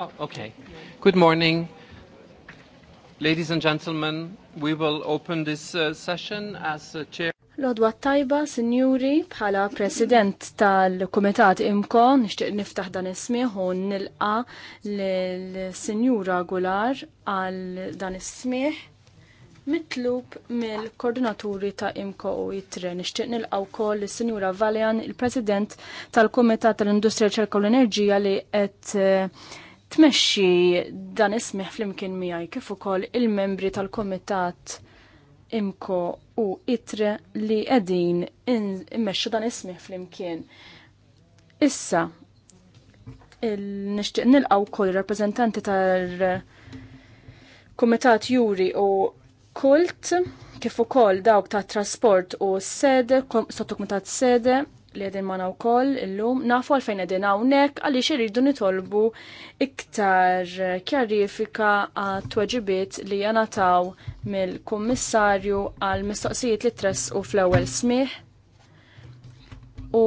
Oh, okay. Good morning. Ladies and gentlemen, we will open this uh, session as uh, chair. Lodwa tajba, sinjuri, bħala president tal-Kumitat Imko, nixtieq niftaħ dan ismi, u nilqa l-Sinjura Gular għal dan ismi, mitlub mill-koordinaturi ta' Imko u jitre, Nixtieq nilqa wkoll l sinjura Valjan, il-President tal-Kumitat tal-Industrija ċerka l-Enerġija li qed eh, tmexxi dan ismiħ flimkien miegħi kif ukoll il-membri tal-Kumitat Imko u Itre li qegħdin immexxu dan ismiħ flimkien. Issa nixtieq nilqgħu wkoll rappreżentanti tal-Kumitat Juri u Kult kif ukoll dawk tat trasport u sede, sottokumitat sede, li għedin mana u koll illum, nafu għalfejn għedin għawnek għalix irridu nitolbu iktar kjarifika għat tweġibiet li taw mill-kommissarju għal mistoqsijiet li tress u fl-ewel smih u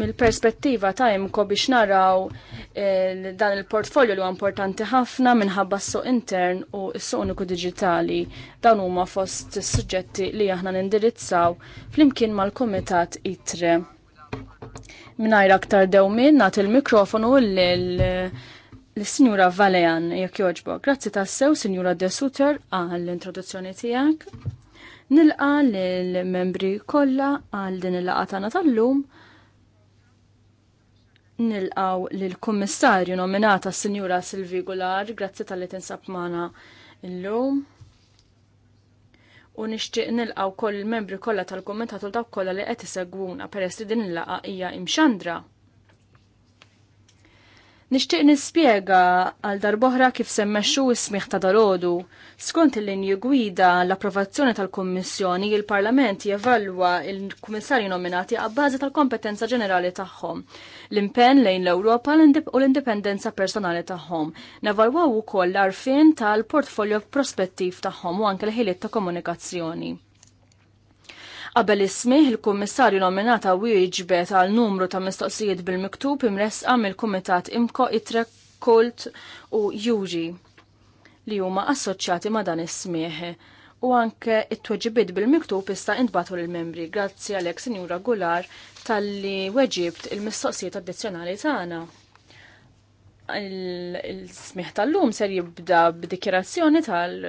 mill-perspettiva ta' imko biex naraw eh, dan il-portfolio li huwa importanti ħafna minħabba s-suq intern u s-suq uniku digitali dan huma fost suġġetti li aħna nindirizzaw fl-imkien mal-Komitat ITRE. Minajr aktar dewmin nat il-mikrofonu l-Sinjura Valean jekk joġbo. Grazzi tassew, Sinjura De Suter, għall-introduzzjoni tijak. Nilqa l-membri kolla għal din il-laqatana tal-lum nilqaw l-Kummissarju nominata Sinjura Silvi Gular, grazzi tal-li tinsab mana l-lum u nixtieq nilqaw koll il-membri kollha tal-kumitat u dawk kollha li qed isegwuna peress li din il laqgħa hija imxandra Nixtieq nispjega għal darboħra kif semmexxu ismiħ ta' dalodu. Skont il linju gwida l-approvazzjoni tal-Kummissjoni, il-Parlament jevalwa il-Kummissarji nominati għabbażi tal-kompetenza ġenerali tagħhom, l-impenn lejn l-Ewropa u l-indipendenza personali tagħhom. Navalwaw ukoll l-arfin tal-portfolio prospettiv tagħhom u anke l-ħiliet ta' komunikazzjoni. Qabel ismih il-kummissarju nominata wieġbet għal numru ta' mistoqsijiet bil-miktub imresqa mill-Kumitat Imko Itre Kult u Juġi li huma assoċjati ma' dan ismih u anke it-tweġibiet bil-miktub ista' intbatu lill-membri. Grazzi għalhekk Sinjura Gular, tal-li weġibt il-mistoqsijiet addizzjonali tagħna il-smiħ tal-lum ser jibda b'dikjerazzjoni tal-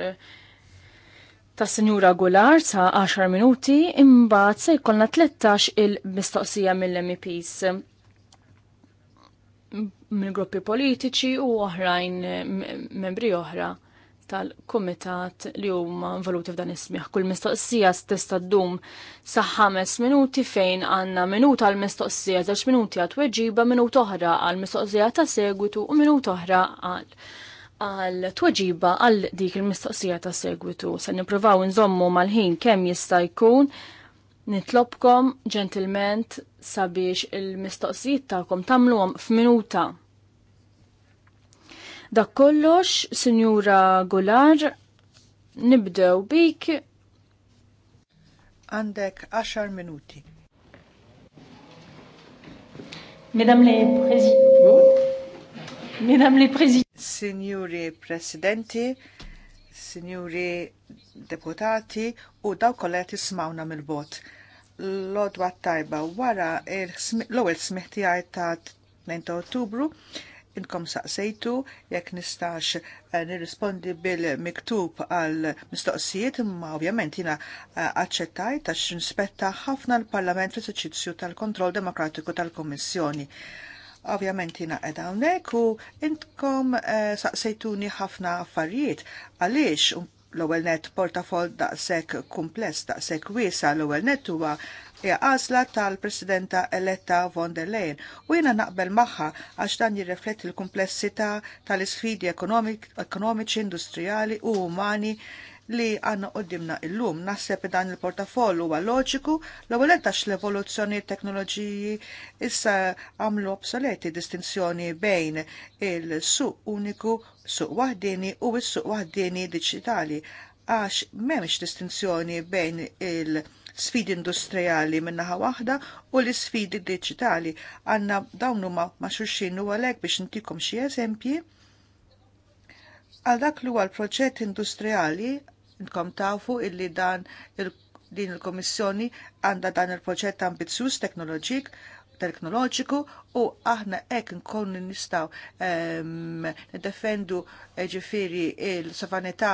ta' Sinjura Gular sa 10 minuti imbagħad se jkollna 13 il-mistoqsija mill mps minn gruppi politiċi u oħrajn membri oħra tal-kumitat li huma involuti f'dan ismiħ. Kull mistoqsija tista' ddum sa' ħames minuti fejn għandna minuta għal mistoqsija, żewġ minuti għal tweġiba, minut oħra għal mistoqsija ta' segwitu u minut oħra għal għal tuġiba għal dik il-mistoqsija ta' segwitu. Se nipruvaw nżommu mal-ħin kemm jista' jkun nitlobkom ġentilment sabiex il-mistoqsijiet tagħkom tagħmluhom f'minuta. Dak kollox, Sinjura Gular, nibdew bik. Għandek 10 minuti. Madame la Présidente, Mesdames les Présidents. Signori Presidenti, Signori Deputati u daw kollet jismawna mill-bot. L-odwa tajba wara l-ewel smiħtijaj ta' 2 ottubru inkom saqsejtu jekk nistax eh, nirrispondi bil-miktub għal mistoqsijiet imma ovvjament jina eh, aċċettajt għax nspetta ħafna l-Parlament fl-eserċizzju tal-kontroll demokratiku tal-Kommissjoni. Ovvjament jina edha hawnhekk u intkom eh, saqsejtuni ħafna affarijiet għaliex um, l-ewwel net portafol daqshekk kumpless daqshekk wiesa l-ewwel net huwa hija għażla tal-Presidenta eletta von der Leyen u jiena naqbel magħha għax dan jirreflet l-komplessità tal-isfidi ekonomiċi, industrijali u umani li għanna qoddimna illum. Nasseb dan il-portafoll huwa loġiku l-ewwel l-evoluzzjoni teknoloġiji issa għamlu obsoleti distinzjoni bejn il-suq uniku, suq waħdini u s-suq wahdini diġitali għax memx distinzjoni bejn il-sfidi industrijali minnaħa waħda u l-sfidi digitali. Għanna dawnu ma maċuxin u għalek biex ntikom xie eżempji. Għal dak li għal proġett industrijali Nkom tafu illi dan il din il-Komissjoni għandha dan il-proġett ambizzjuż teknoloġik teknoloġiku u aħna ek nkun nistaw um, ehm, defendu eh, ġifiri il-sovranità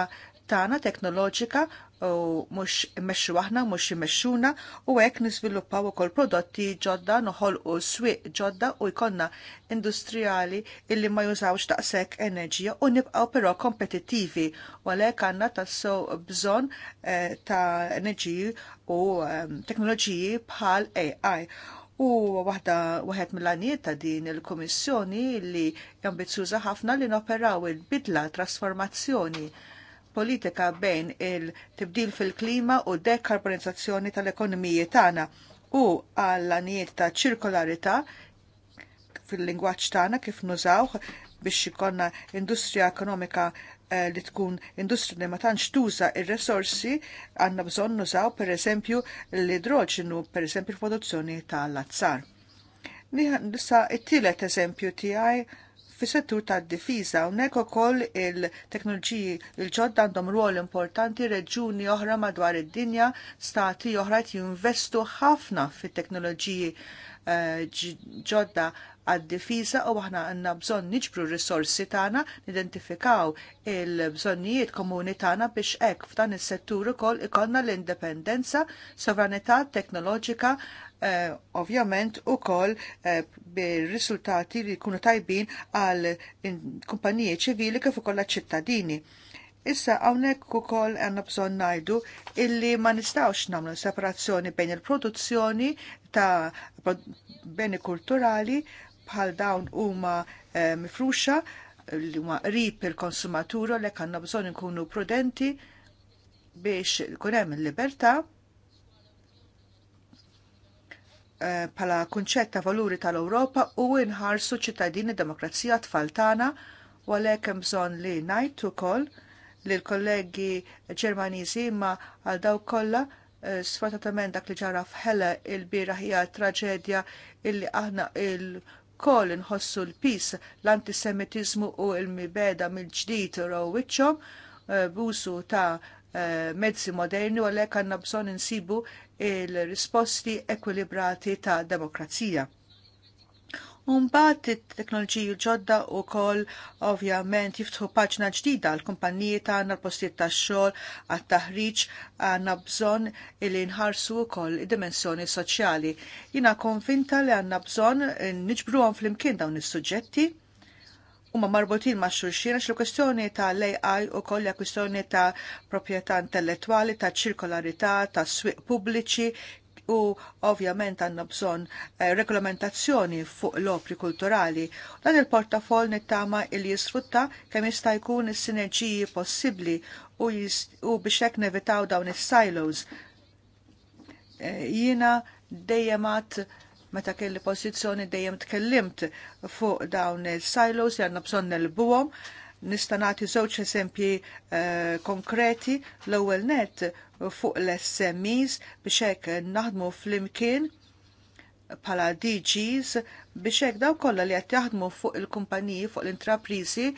Tana teknoloġika u mhux immexxu aħna mhux immexxuna u hekk niżviluppaw ukoll prodotti ġodda u swieq ġodda u jkollna industrijali illi ma jużawx taqsek enerġija u nibqgħu pero kompetittivi u għalhekk għandna tassew bżonn eh, ta' enerġiji u ehm, teknoloġiji bħal AI. U waħda wahed mill-għaniet ta' din il-Komissjoni li ambizjuża ħafna li noperaw il-bidla trasformazzjoni politika bejn il-tibdil fil-klima u dekarbonizzazzjoni tal-ekonomiji tagħna u għall-anijiet ta' ċirkolarità fil-lingwaġġ tagħna kif nużawh biex ikonna industrija ekonomika eh, li tkun industrija li ma tantx tuża ir-resorsi għandna bżonn nużaw pereżempju l-idroġenu pereżempju l-produzzjoni tal-azzar. Nisa it-tielet eżempju tiegħi fis-settur tad-difiża hawnhekk ukoll il-teknoloġiji il-ġodda għandhom rwol importanti reġuni oħra madwar id-dinja, stati oħra jinvestu ħafna fit-teknoloġiji eh, ġodda għad-difiża u aħna għandna bżonn niġbru r-risorsi tagħna, nidentifikaw il-bżonnijiet komuni tagħna biex hekk f'dan is-settur ukoll ikollna l-indipendenza, sovranità teknoloġika eh, ovvjament u kol eh, bir-risultati li jkunu tajbin għal kumpanije ċivili kif ukoll ċittadini. Issa hawnhekk ukoll għandna bżonn ngħidu illi ma nistgħux nagħmlu separazzjoni bejn il-produzzjoni ta' beni kulturali bħal dawn huma eh, mifruxa li huma qrib il-konsumatura li għandna bżonn inkunu prudenti biex ikun hemm il-libertà eh, bħala kunċett ta' valuri tal-Ewropa u nħarsu ċittadini demokrazija tfal tagħna u għalhekk hemm bżonn li ngħid ukoll li l-kollegi Ġermaniżi imma għal daw kollha eh, sfortunatament dak li ġara f'ħela il-bira hija traġedja illi aħna il- koll inħossu l-pis l-antisemitizmu u l-mibeda mill-ġdid rowiċċhom eh, b'usu ta' eh, mezzi moderni u għalhekk għandna bżonn insibu il-risposti ekwilibrati ta' demokrazija mbagħad it teknoloġiji ġodda u kol ovvjament jiftħu paġna ġdida l-kumpanijiet għanna l-postiet ta' xol, għat-taħriġ għanna bżon li nħarsu u kol dimensjoni soċjali. Jina konvinta li għanna bżon nġbru għan imkien dawn is-suġġetti u ma marbutin ma' xurxin għax l-kwestjoni ta' l-AI u koll kwestjoni ta' proprjetà intellettuali, ta' ċirkolarità, ta' swiq pubbliċi, u ovvjament għandna bżonn eh, regolamentazzjoni fuq l-opri kulturali. Dan il-portafol nittama il jisfrutta kemm jista' jkun is-sinerġiji possibbli u, u biex hekk nevitaw dawn is-silos. Eh, jiena dejjem meta kelli pożizzjoni dejjem tkellimt fuq dawn il-silos li għandna bżonn nelbuhom Nista' nagħti żewġ eżempji eh, konkreti l-ewwel net fuq l-SMEs biex hekk naħdmu flimkien bħala DGs biex hekk daw kollha li qed jaħdmu fuq il-kumpaniji fuq l-intraprizi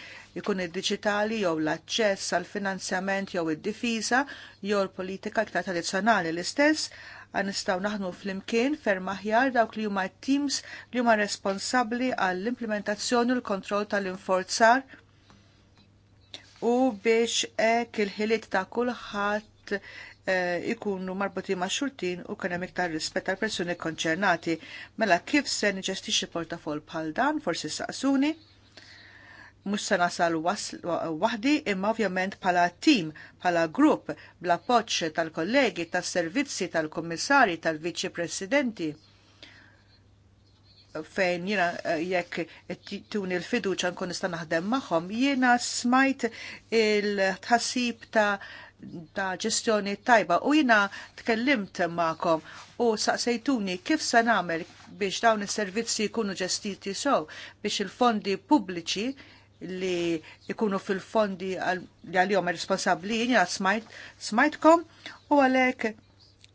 jkun id-diġitali jew l-aċċess għal finanzjament jew id-difiża jew l-politika iktar tradizzjonali l-istess għanistaw naħdmu flimkien ferm aħjar dawk li huma teams li huma responsabbli għall-implementazzjoni u l-kontroll tal-inforzar u biex hekk il-ħiliet ta' kulħadd eh, ikunu marbuti ma' xultin u kena miktar rispett tal persuni konċernati. Mela kif se niġestixi portafol bħal dan, forsi saqsuni, mux se nasal wahdi imma ovvjament pala tim, pala grupp, bla poċ tal-kollegi, tal-servizzi, tal-kommissari, tal-viċi presidenti fejn jena eh, jekk tuni l-fiduċa nkun nista naħdem magħhom, jiena smajt il-tħassib ta' ta' ġestjoni tajba u jina tkellimt ma'kom u saqsejtuni kif se nagħmel biex dawn is-servizzi jkunu ġestiti sew biex il-fondi pubbliċi li jkunu fil-fondi li għalihom responsabbli jina smajt smajtkom u għalhekk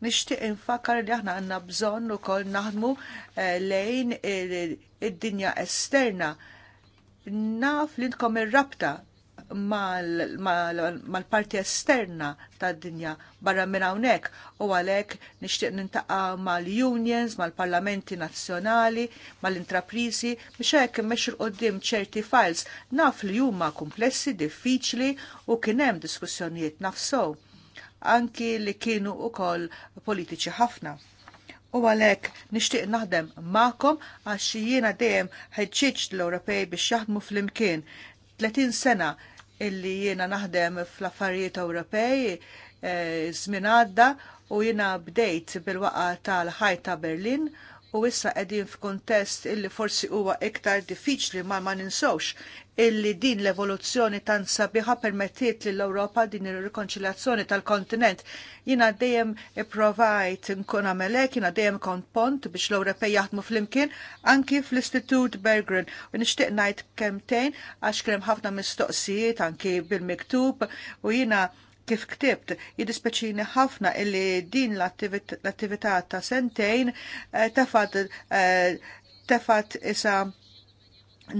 Nixtieq infakar li aħna għandna bżonn ukoll naħdmu eh, lejn id-dinja esterna. Naf li nkom ir-rabta mal-parti esterna tad-dinja barra minn hawnhekk u għalhekk nixtieq nintaqa' mal-unions, mal-parlamenti nazzjonali, mal-intraprizi biex hekk immexxu qudiem ċerti files naf li huma komplessi, diffiċli u kien hemm diskussjonijiet nafsew anki li kienu koll politiċi ħafna. U għalek nishtiq naħdem ma'kom għax jiena dejjem ħeġġiġ l-Ewropej biex jaħdmu fl-imkien. 30 sena illi jiena naħdem fl-affarijiet Ewropej zmin eh, għadda u jiena bdejt bil-waqa tal-ħajta Berlin u issa qegħdin f'kuntest illi forsi huwa iktar diffiċli ma ma ninsawx illi din l-evoluzzjoni tan sabiħa permettiet lill europa din ir-rikonċiljazzjoni tal-kontinent. Jiena dejjem ipprovajt nkun għamelek, jiena dejjem kont pont biex l-Ewropej jaħdmu flimkien anki fl-Istitut Bergren. U nixtieq ngħid kemtejn għax kien hemm ħafna mistoqsijiet anki bil-miktub u jiena kif ktibt jidispeċini ħafna illi din l-attività ta' sentejn tafat eh, tafat eh, isa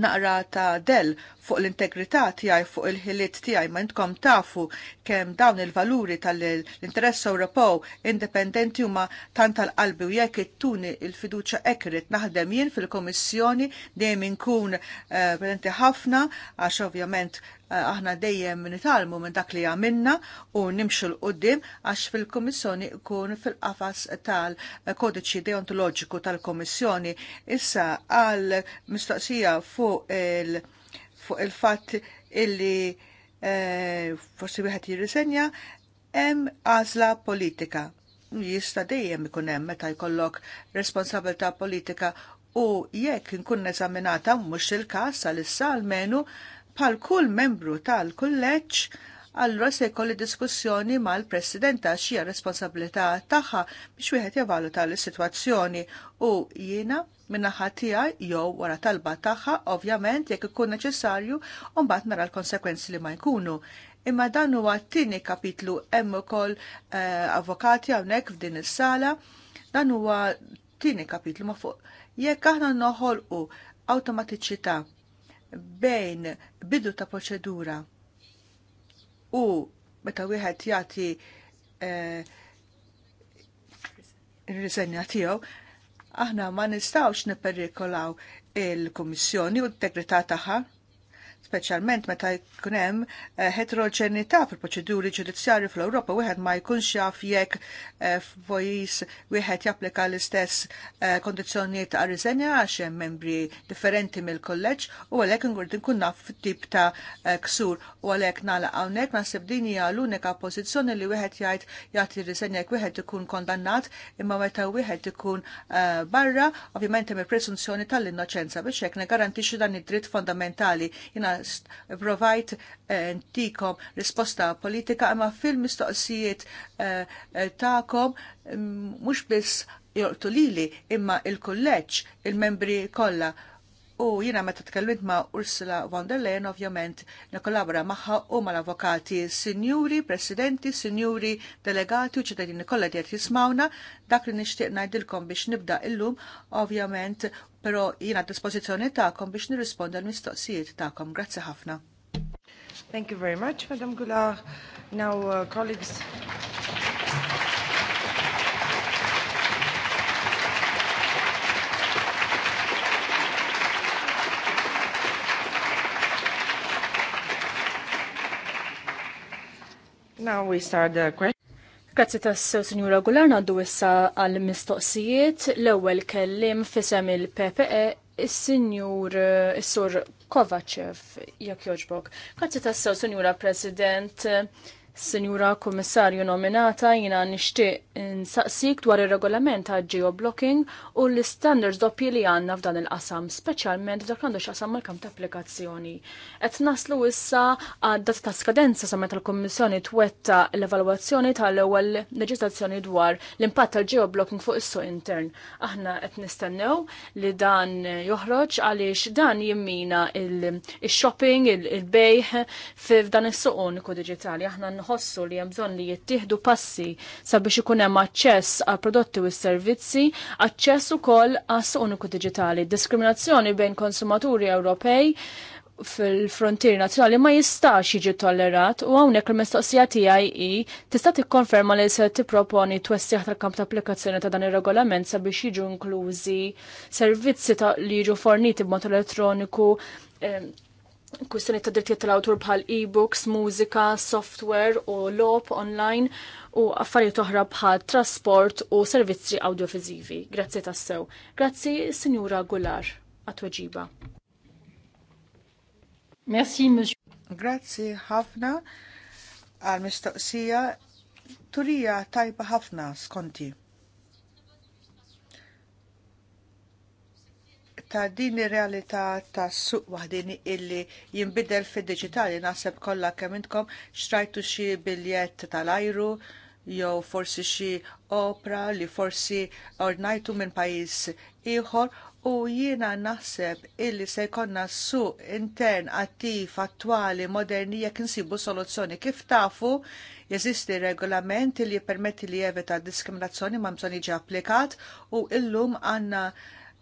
naqra ta' del fuq l-integrità tiegħi fuq il-ħiliet tiegħi ma intkom tafu kemm dawn il-valuri tal-interess Ewropew indipendenti huma tant tal-qalbi u jekk ittuni il-fiduċja ekrit naħdem jien fil kummissjoni dejjem inkun eh, prezenti ħafna għax ovvjament eh, aħna dejjem nitalmu minn dak li għamilna u nimxu l-qoddim għax fil-Komissjoni kun fil-qafas tal-kodiċi deontoloġiku tal-Komissjoni. Issa għal mistoqsija fuq il- fuq il-fatt illi eh, forsi wieħed jirrisenja hemm għażla politika. Jista' dejjem ikun hemm meta jkollok responsabilità politika u jekk inkun eżaminata mhux il-każ issa almenu bħal kull membru tal-kulleġġ allura se jkolli diskussjoni mal-Presidenta xija responsabilità tagħha biex wieħed jevaluta l-sitwazzjoni u jiena minnaħa tiegħi jew wara talba tagħha ovvjament jekk ikun neċessarju u mbagħad nara l-konsekwenzi li ma jkunu. Imma dan huwa t-tieni kapitlu hemm ukoll eh, avokati hawnhekk f'din is-sala dan huwa tieni kapitlu ma fuq jekk aħna noħolqu awtomatiċità bejn bidu ta' proċedura u meta wieħed jagħti eh, ir-riżenja tiegħu, aħna ma nistgħux nipperikolaw il-Kummissjoni u t integrità tagħha speċjalment meta jkun hemm eh, heteroġenità fil-proċeduri ġudizzjarji fl-Ewropa wieħed ma jkunx jaf jekk eh, f'pajjiż wieħed japplika l-istess eh, kondizzjonijiet ta' riżenja għax hemm membri differenti mill-kolleġġ u għalhekk ingurd inkun naf tip ta' ksur u għalhekk nagħlaq hawnhekk naħseb din hija l-unika pożizzjoni li wieħed jgħid jagħti riżenja jekk wieħed ikun kondannat imma meta wieħed ikun barra ovvjament hemm il-presunzjoni tal-innoċenza biex hekk garantixxu dan id-dritt fondamentali jiena jiena provajt eh, tikom risposta politika imma fil-mistoqsijiet eh, eh, ta'kom mm, mhux biss jortu lili imma il-kulleġġ il-membri kollha u jiena meta tkellimt ma' Ursula von der Leyen ovvjament nikkollabora magħha u mal-avokati, sinjuri, presidenti, sinjuri, delegati u ċittadini kollha qed jismawna dak li nixtieq ngħidilkom biex nibda illum ovvjament pero jina dispożizzjoni ta'kom biex nirrisponda l-mistoqsijiet ta'kom. Grazie ħafna. Thank you very much, Madam Goulart. Now, uh, colleagues. Now we start the question. Grazzi tas-sew, Sinjura Gular, għaddu issa għal-mistoqsijiet. L-ewwel kellim fisem il-PPE Is-Sinjur Is-Sur Kovacev, jekk joġbok. Grazzi tas-sew, Sinjura President, Sinjura Komissarju nominata jina nixtieq nsaqsik dwar ir-regolament ta' geoblocking u l-standards doppji li għandna f'dan il-qasam, speċjalment dak għandux x'qasam mal kam ta' applikazzjoni. Qed naslu issa għad ta' skadenza sa meta l-Kummissjoni twetta l-evalwazzjoni tal-ewwel leġislazzjoni dwar l-impatt tal-geoblocking fuq is-suq intern. Aħna qed nistennew li dan joħroġ għaliex dan jimmina il-shopping, il-bejħ f'dan is-suq uniku diġitali. Aħna Ħossu li hemm bżonn li jittieħdu passi sabiex ikun hemm aċċess għal prodotti u s-servizzi, aċċess ukoll għas uniku diġitali. Diskriminazzjoni bejn konsumaturi Ewropej fil-frontier nazzjonali ma jistax jiġi tollerat u hawnhekk il-mistoqsija tiegħi hi tista' tikkonferma li se tipproponi twessih tal-kamp ta' applikazzjoni ta' dan ir-regolament sabiex jiġu inklużi servizzi li jiġu forniti b'mod elettroniku kwistjoni ta' drittijiet tal-awtur bħal e-books, mużika, software u lop online u affarijiet oħra bħal trasport u servizzi audiovisivi. Grazzi tassew. Grazzi, Sinjura Gular, għat-tweġiba. Merci, monsieur. Grazzi ħafna għal mistoqsija turija tajba ħafna skonti. ta' din ir-realtà ta' suq waħdini illi jinbidel fid-diġitali naħseb kollha kemm intkom xtrajtu xi biljett tal-ajru jew forsi xi opra li forsi ornajtu minn pajjiż ieħor u jiena naħseb illi se jkollna suq intern attiv attwali moderni jekk insibu soluzzjoni kif tafu jeżisti regolament li jippermetti li jevita diskriminazzjoni ma bżonn jiġi applikat u illum għandna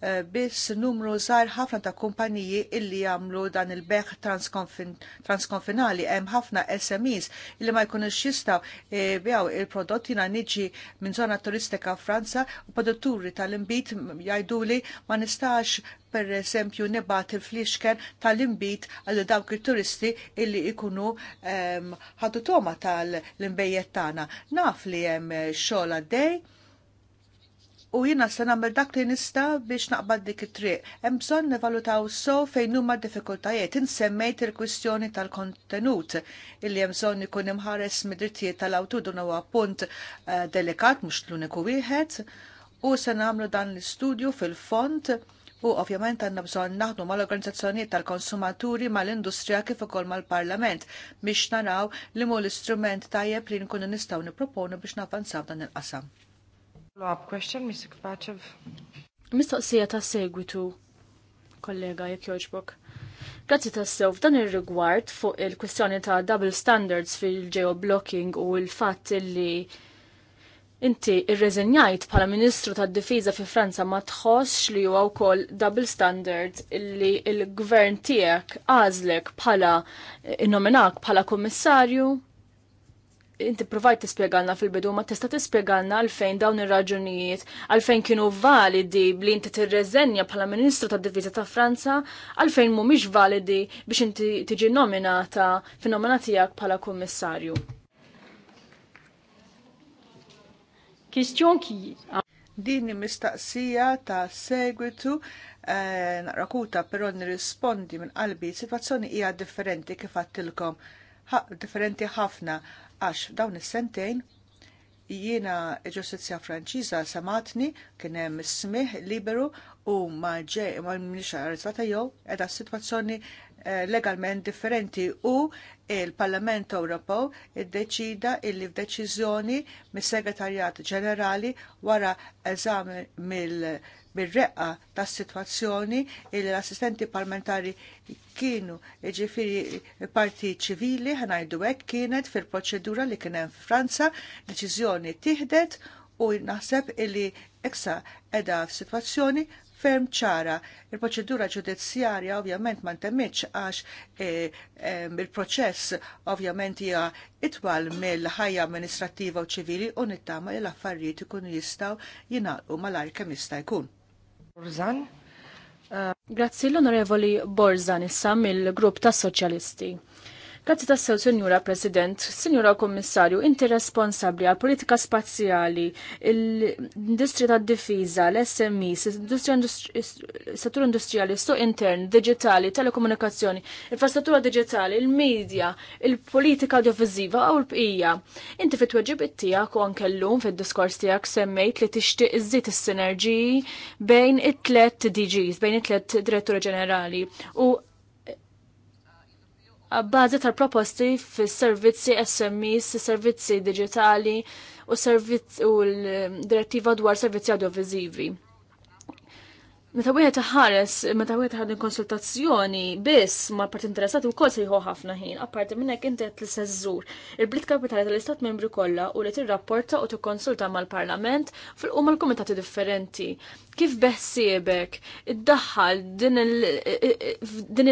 Eh, biss numru żgħar ħafna ta' kumpaniji illi jagħmlu dan il-beħ transkonfinali hemm ħafna SMEs illi ma jkunux jistgħu eh, bjaw il-prodotti jiena niġi minn żona turistika Franza u produtturi tal-imbit jgħiduli ma nistax per eżempju nibat il-fliexken tal-imbit għal dawk il-turisti illi ikunu ehm, ħadu toma tal-imbejjet tagħna. Naf li hemm xogħol għaddej u jina se nagħmel dak li nista biex naqbad dik it-triq. Hemm bżonn nivalutaw so fejn huma diffikultajiet. Insemmejt il-kwistjoni tal-kontenut illi hemm bżonn ikun imħares mid-drittijiet tal-awtur dun huwa punt eh, delikat mhux l-uniku wieħed u se nagħmlu dan l-istudju fil-font u ovvjament għandna bżonn naħdu mal organizzazzjonijiet tal-konsumaturi mal-industrija kif ukoll mal-parlament biex naraw li mu l-istrument tajjeb li nkunu nistgħu nipproponu biex navvanzaw dan il-qasam. Follow-up question, Mr. Kvachev. Mistoqsija ta' segwitu, kollega, jek joġbok. Grazzi tassew, f'dan ir-rigward fuq il kwestjoni ta' double standards fil-geoblocking u l-fatt li inti irreżenjajt bħala Ministru tad difiża fi Franza ma tħossx li huwa wkoll double standards li l-gvern tiegħek għażlek bħala innominak bħala kummissarju inti provajt tispjegalna fil-bidu ma tista' tispjegalna għalfejn dawn ir-raġunijiet għalfejn kienu validi li inti tirreżenja bħala Ministru tad-Diviża ta' Franza għalfejn mhumiex validi biex inti tiġi nominata fin-nomina tiegħek bħala kummissarju. Kistjon ki Din mistaqsija ta' segwitu eh, naqrakuta però nirrispondi minn qalbi situazzjoni hija differenti kif għattilkom differenti ħafna għax dawn is-sentejn jiena ġustizzja Franċiża samatni kien hemm smih liberu u ma ġej ma minix arrestata jew edha situazzjoni eh, legalment differenti u il-Parlament Ewropew iddeċida illi f'deċiżjoni mis-Segretarjat Ġenerali wara eżami mill bir-reqqa tas sitwazzjoni il l-assistenti parlamentari kienu ġifiri parti ċivili ħanajdu hekk kienet fil-proċedura li kien hemm Franza deċiżjoni tiħdet u naħseb illi eksa edha f'sitwazzjoni ferm ċara. Il-proċedura ġudizzjarja ovvjament ma ntemmitx għax eh, eh, il-proċess ovvjament hija itwal mill-ħajja amministrattiva u ċivili u nittama li l-affarijiet ikunu jistgħu jingħalqu malajr kemm jista' jkun. Borzan. Grazzi l-Onorevoli Borzan issa mill-Grupp tas Soċjalisti. Grazzi tassew, Sinjura President, Sinjura Kommissarju, inti responsabli għal politika spazjali, l-industri tad difiża l s settur industrijali, sto intern, digitali, telekomunikazzjoni, infrastruttura digitali, il-medja, il-politika audiovisiva u l-bqija. Inti fit weġib it-tijak u ankellum fit diskors tijak semmejt li tixtieq iżżid is-sinerġiji bejn it-tlet DGs, bejn it-tlet direttori ġenerali u għabbażi tal-proposti fis-servizzi SMEs, servizzi digitali u servizz u l-direttiva dwar servizzi audiovisivi. Meta wieħed ħares, meta wieħed ħad konsultazzjoni biss ma' parti interessati wkoll se jħu ħafna ħin, apparti minn hekk inti qed tisseżżur il bliet kapitali tal-Istat membri kollha u li tirrapporta u tikkonsulta mal-Parlament fuq mal-kumitati differenti. Kif beħsiebek iddaħħal din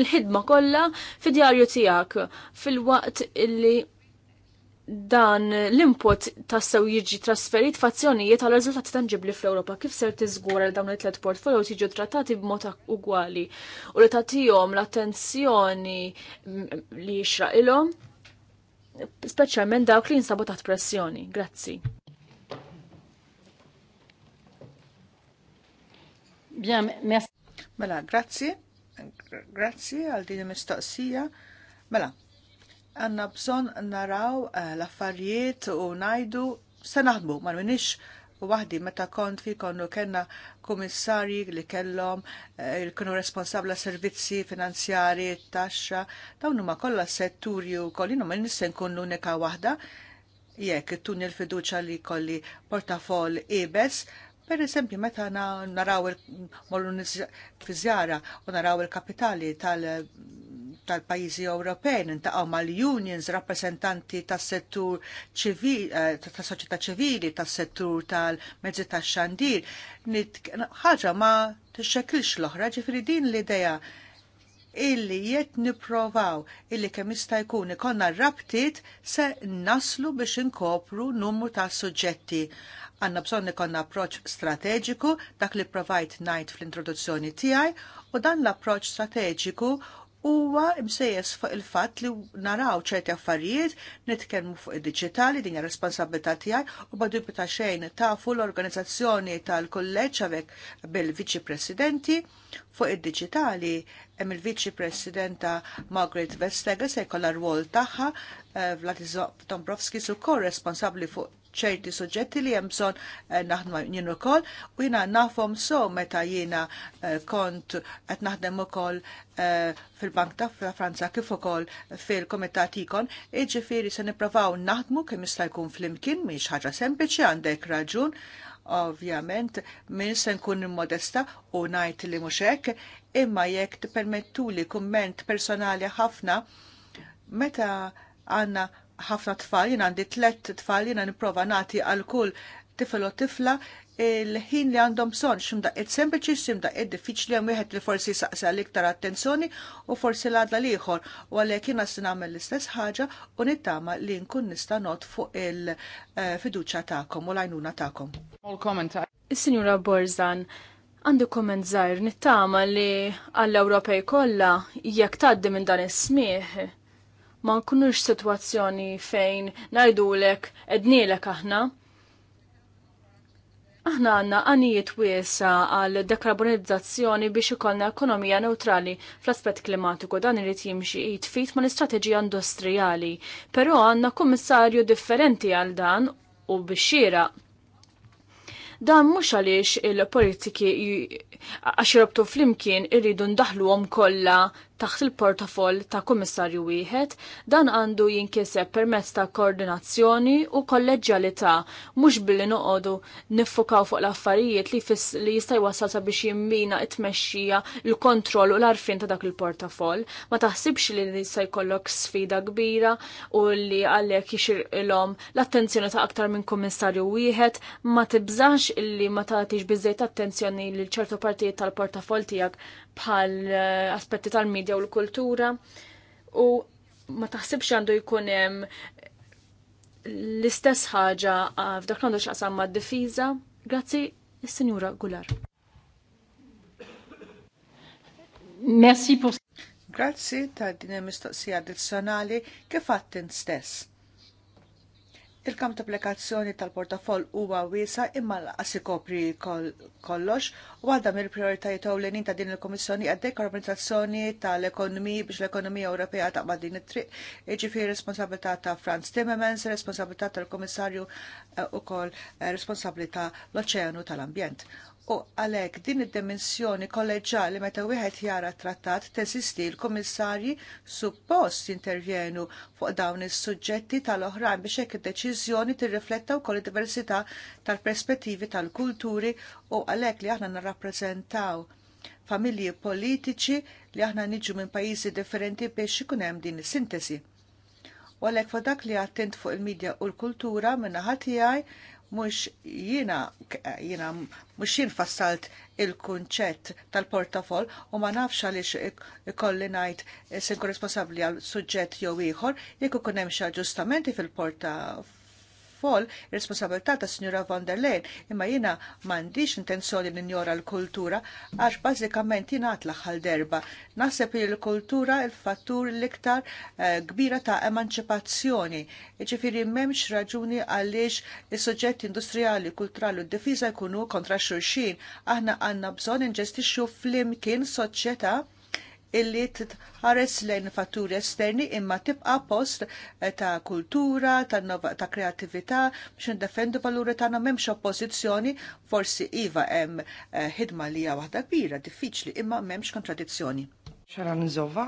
il-ħidma kollha fid-djarju tiegħek fil-waqt illi dan l-input tassew jiġi trasferit f'azzjonijiet għal rezultati tangibbli fl-Ewropa kif ser tiżgura li dawn it-tlet portfolios jiġu trattati b'mod ugwali u li tagħtihom l-attenzjoni li jixraqilhom speċjalment dawk li jinsabu taħt pressjoni. Grazzi. Mela, grazzi. Grazzi għal din il-mistoqsija. Mela, għanna bżon naraw eh, l-affarijiet u najdu se naħdmu, ma minix waħdi meta kont fi konnu kena komissari li kellhom eh, kienu responsabla servizzi finanzjari, taxxa, dawn huma kollha setturi u kollinu ma nista nkun l-unika waħda jekk tun l fiduċa li kolli portafol ebes, per esempio meta naraw il-morru fizjara u naraw il-kapitali tal- tal-pajjiżi Ewropej nintaqgħu mal-unions, rappreżentanti tas-settur eh, tas-soċjetà ċivili, tas-settur tal-mezzi tax-xandir, ħaġa ma tixxekilx l-oħra, ġifieri din l-idea illi jett niprovaw illi kemm jista' jkun ikonna rabtiet se naslu biex inkopru numru ta' suġġetti. Għanna bżonn ikonna approċ strateġiku dak li provajt najt fl-introduzzjoni tiegħi u dan l-approċ strateġiku huwa imsejjes fuq il-fatt li naraw ċerti affarijiet nitkellmu fuq id-diġitali din hija responsabilità tiegħi u badu ta' xejn tafu l-organizzazzjoni tal-kulleġġ għavek bil-viċi presidenti fuq id-diġitali hemm il-viċi presidenta Margaret Vestager se jkollha rwol tagħha eh, Vladislav Dombrovski su responsabbli fuq ċerti soġġetti li hemm bżonn eh, naħdmu jien ukoll u jiena nafhom so meta jiena eh, kont qed naħdem ukoll eh, fil-Bank ta' Franza kif ukoll fil-Komitat ikon, iġifieri se nipprovaw naħdmu kemm jista' jkun flimkien mhix ħaġa sempliċi għandek raġun ovvjament minn se nkun immodesta u ngħid li mhux hekk, imma jekk li kumment personali ħafna meta għandna ħafna tfal, jien għandi tlet tfal, jina nipprova nagħti għal kull tifel u tifla il-ħin li għandhom bżonn id sempliċi, id diffiċli hemm wieħed li forsi saqsa l-iktar attenzjoni u forsi l-għadla l-ieħor u għalhekk jiena se nagħmel l-istess ħaġa u nittama li nkun nista' not fuq il-fiduċja tagħkom u l-għajnuna tagħkom. Is-Sinjura Borzan, għandu komment żgħir nittama li għall-Ewropej kollha jekk tgħaddi minn dan is-smieħ ma nkunux situazzjoni fejn najdulek ednielek aħna. Aħna għanna għanijiet wiesa għal dekarbonizzazzjoni biex ikollna ekonomija neutrali fl-aspet klimatiku dan irid jimxi jitfit ma l-istrateġija industrijali, però għanna kummissarju differenti għal dan u bixxira. Dan mhux għaliex il-politiki għax robtu flimkien irridu ndaħluhom kollha taħt il-portafoll ta' kummissarju wieħed, dan għandu jinkiseb permezz ta' koordinazzjoni u kolleġjalità mhux billi noqogħdu niffukaw fuq l-affarijiet li, fis li jista' jwassal sabiex jimmina t tmexxija l kontroll u l-arfin ta' dak il-portafoll. Ma taħsibx li jista' jkollok sfida kbira u li għalhekk jixirqilhom l-attenzjoni ta' aktar minn kummissarju wieħed, ma tibżax illi ma tagħtix biżejt attenzjoni lil ċertu partijiet tal-portafoll tiegħek bħal eh, aspetti tal-medja u l-kultura u ma taħsibx għandu jkun hemm l-istess ħaġa eh, f'dak għandu x'qasam d difiża Grazzi il sinjura Gular. Merci pour Grazzi ta' din mistoqsija addizzjonali kif għattin stess. Il-kamp ta' applikazzjoni tal-portafoll huwa wiesa imma laqas ikopri kollox u għadha mill-prijoritajiet ewlenin ta' din il-Komissjoni għad dekarbonizzazzjoni tal ekonomi biex l-ekonomija Ewropea taqbad din it-triq, jiġifieri responsabilità ta' Franz Timmermans, responsabilità tal-Komissarju eh, kol eh, responsabilità l-Oċeanu tal-Ambjent U għalhekk din id-dimensjoni kolleġjali meta wieħed jara trattat teżisti l-kummissarji suppost intervjenu fuq dawn is-suġġetti tal-oħrajn biex hekk id-deċiżjoni tirrifletta wkoll id-diversità tal-perspettivi tal-kulturi u għalhekk li aħna nirrappreżentaw familji politiċi li aħna niġu minn pajjiżi differenti biex ikun hemm din is-sintesi. U għalhekk fuq dak li attent fuq il-medja u l-kultura minn naħa tiegħi mhux jina, jina mux jien fassalt il-kunċett tal-portafol u ma nafx għaliex ikolli ngħid se responsabbli għal suġġett jew ieħor jekk ikun hemm xi aġġustamenti fil-portafol ukoll ir-responsabilità ta' Sinjura von der Leyen, imma jiena m'għandix intenzjoni ninjora l-kultura għax bażikament jina għatlaħ għal derba. Naħseb li l-kultura il-fattur l-iktar eh, kbira ta' emanċipazzjoni. Ġifieri m'hemmx raġuni għaliex is-soġġetti industrijali, kulturali u d difiza jkunu kontra xulxin. Aħna għandna bżonn inġestixxu flimkien soċjetà illi tħares lejn fatturi esterni imma tibqa post eh, ta' kultura, ta', nova, ta kreativita, biex ndefendu valuri tagħna m'hemmx oppożizzjoni, forsi iva hemm eh, ħidma li hija waħda kbira, diffiċli, imma m'hemmx kontradizzjoni. Xaran Zova.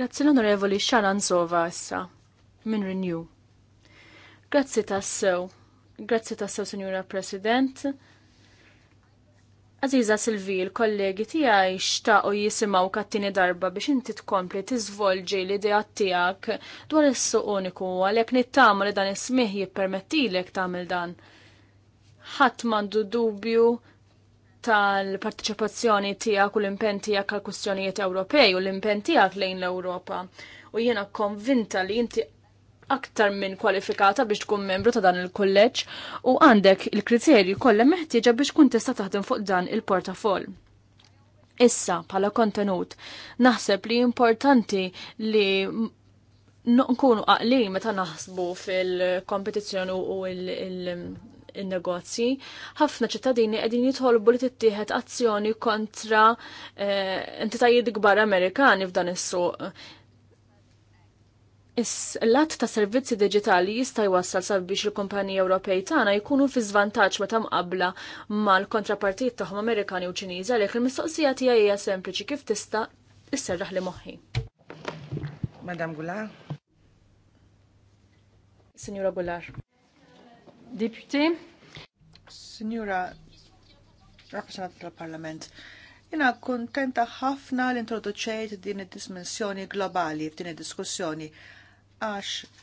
Grazzi l-Onorevoli Xaran Zova issa minn Renew. Grazzi tassew. Grazzi tassew, Signora President Aziza Silvi, il-kollegi tijaj u jisimaw kattini darba biex inti tkompli tizvolġi l-idea tijak dwar is-suq uniku għalek nittama li dan ismih jippermettilek tamil dan. ħadd mandu dubju tal-partiċipazzjoni tijak u l-impen tijak għal kustjonijiet Ewropej u l-impen tijak lejn l-Ewropa. U jiena konvinta li inti aktar minn kwalifikata biex tkun membru ta' dan il-kolleġġ u għandek il-kriterji kollha meħtieġa biex tkun tista' taħdem fuq dan il-portafol. Issa, pala kontenut, naħseb li importanti li nkunu għaqlin meta naħsbu fil-kompetizzjoni u il-negozji, ħafna ċittadini qegħdin jitħolbu li tittieħed azzjoni kontra eh, entitajiet kbar Amerikani f'dan is-suq Is-lat ta' servizzi digitali jista' jwassal sabiex il-kumpaniji Ewropej tagħna jkunu fi żvantaġġ meta mqabbla mal-kontrapartijiet tagħhom Amerikani u Ċiniża għalhekk il-mistoqsija tiegħi hija sempliċi kif tista' isserraħ li moħħi. Madam Goulart. Signora Goulart. Deputy. Signora rappresentant tal-Parlament. Jina kontenta ħafna l-introduċejt din id dismensjoni globali f'din id-diskussjoni għax.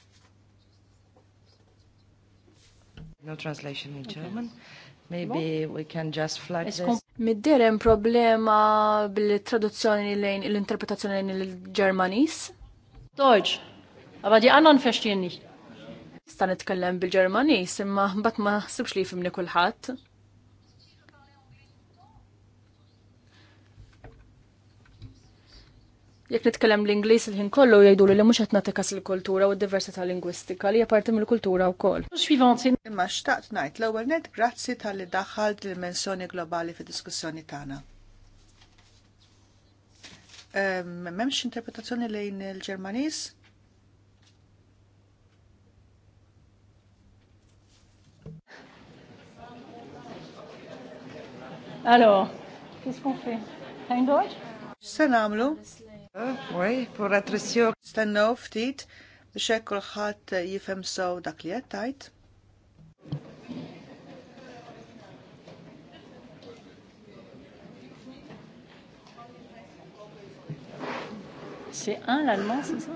No translation in German. Maybe we can just flag this. Middirem problema bil-traduzzjoni lejn l-interpretazzjoni lejn l-Germanis? Deutsch. Aber die anderen verstehen nicht. Sta nitkellem bil germanis imma bat ma sibx li jifimni kullħat. Jekk nitkellem l-Ingliż il-ħin kollu jgħidu li mhux qed natikas il-kultura u d-diversità lingwistika li hija parti mill-kultura wkoll. imma xtaqt ngħid l-ewwel net grazzi tal-li daħħal dimensjoni globali fid-diskussjoni tagħna. M'hemmx interpretazzjoni lejn il-Ġermaniż? Allo, kif kun fi? fait? Tajn Se Wej, pura trissjo. Stennu ftit biex hekk kulħadd jifhem sew dak li qed C'est un l'allemand, c'est ça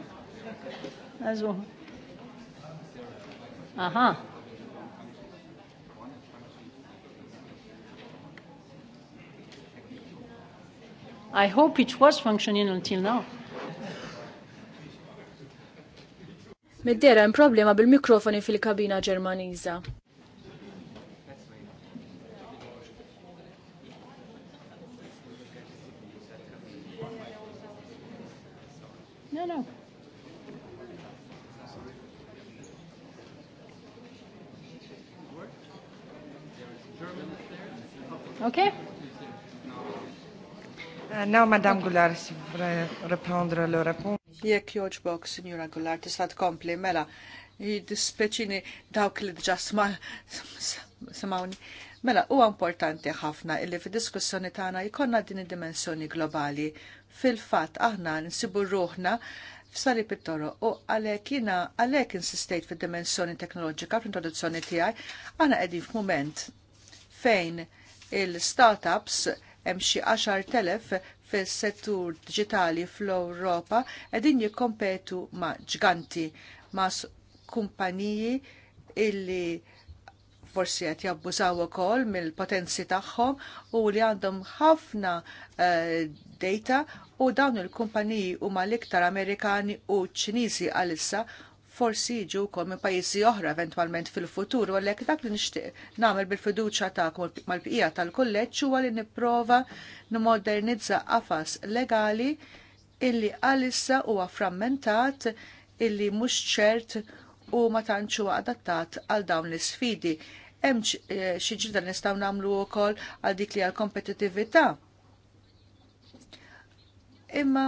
Ah, ah. I hope it was functioning until now. Meddera, hemm problema bil-mikrofoni fil-kabina Ġermaniża. No, no. Okay. Uh, now, Madame Goulart, si reprendre le rapport. Jek joġbok, Signora Goulart, tista' tkompli, mela, jidispeċini dawk li diġa smawni. Mela, huwa importanti ħafna illi fid-diskussjoni tagħna jkollna din id-dimensjoni globali. Fil-fatt aħna nsibu ruħna f'sali pittoro u għalhekk jiena għalhekk insistejt fid-dimensjoni teknoloġika fl-introduzzjoni tiegħi aħna qegħdin f'mument fejn il-startups hemm xi 10,000 fis-settur diġitali fl-Ewropa qegħdin jikkompetu ma' ġganti ma' kumpaniji illi forsi qed jabbużaw ukoll mill-potenzi tagħhom u li għandhom ħafna uh, data u dawn il-kumpaniji huma l-iktar Amerikani u Ċiniżi għalissa forsi jiġu wkoll minn pajjiżi oħra eventwalment fil-futur u għalhekk dak li nixtieq nagħmel bil-fiduċja tagħkom mal-bqija tal-kulleġġ huwa li nipprova nimodernizza qafas legali illi għalissa huwa frammentat illi mhux ċert u ma tantx huwa adattat għal dawn l-isfidi. Hemm eh, xi ġilda nistgħu nagħmlu wkoll għal dik li għal kompetittività. Imma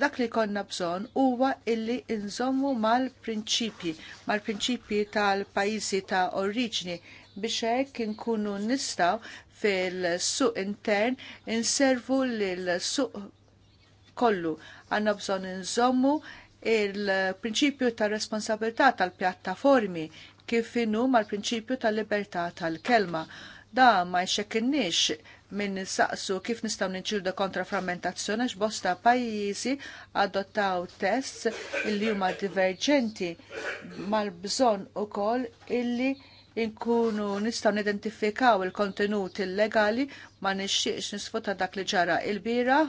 dak li konna bżon huwa illi nżommu mal-prinċipji, mal-prinċipji tal-pajjiżi ta' oriġni biex hekk inkunu nistaw fil-suq intern inservu lil-suq kollu. Għanna bżon inżommu il-prinċipju ta' responsabilità tal-pjattaformi kif inu mal-prinċipju tal-libertà tal-kelma. Da ma jxekkinnix minn saqsu kif nistaw ninċilda kontra frammentazzjoni x'bosta pajjiżi adottaw tests illi huma diverġenti mal-bżonn ukoll illi inkunu nistaw nidentifikaw il-kontenut illegali ma nixxieqx nisfuta dak li ġara il-bira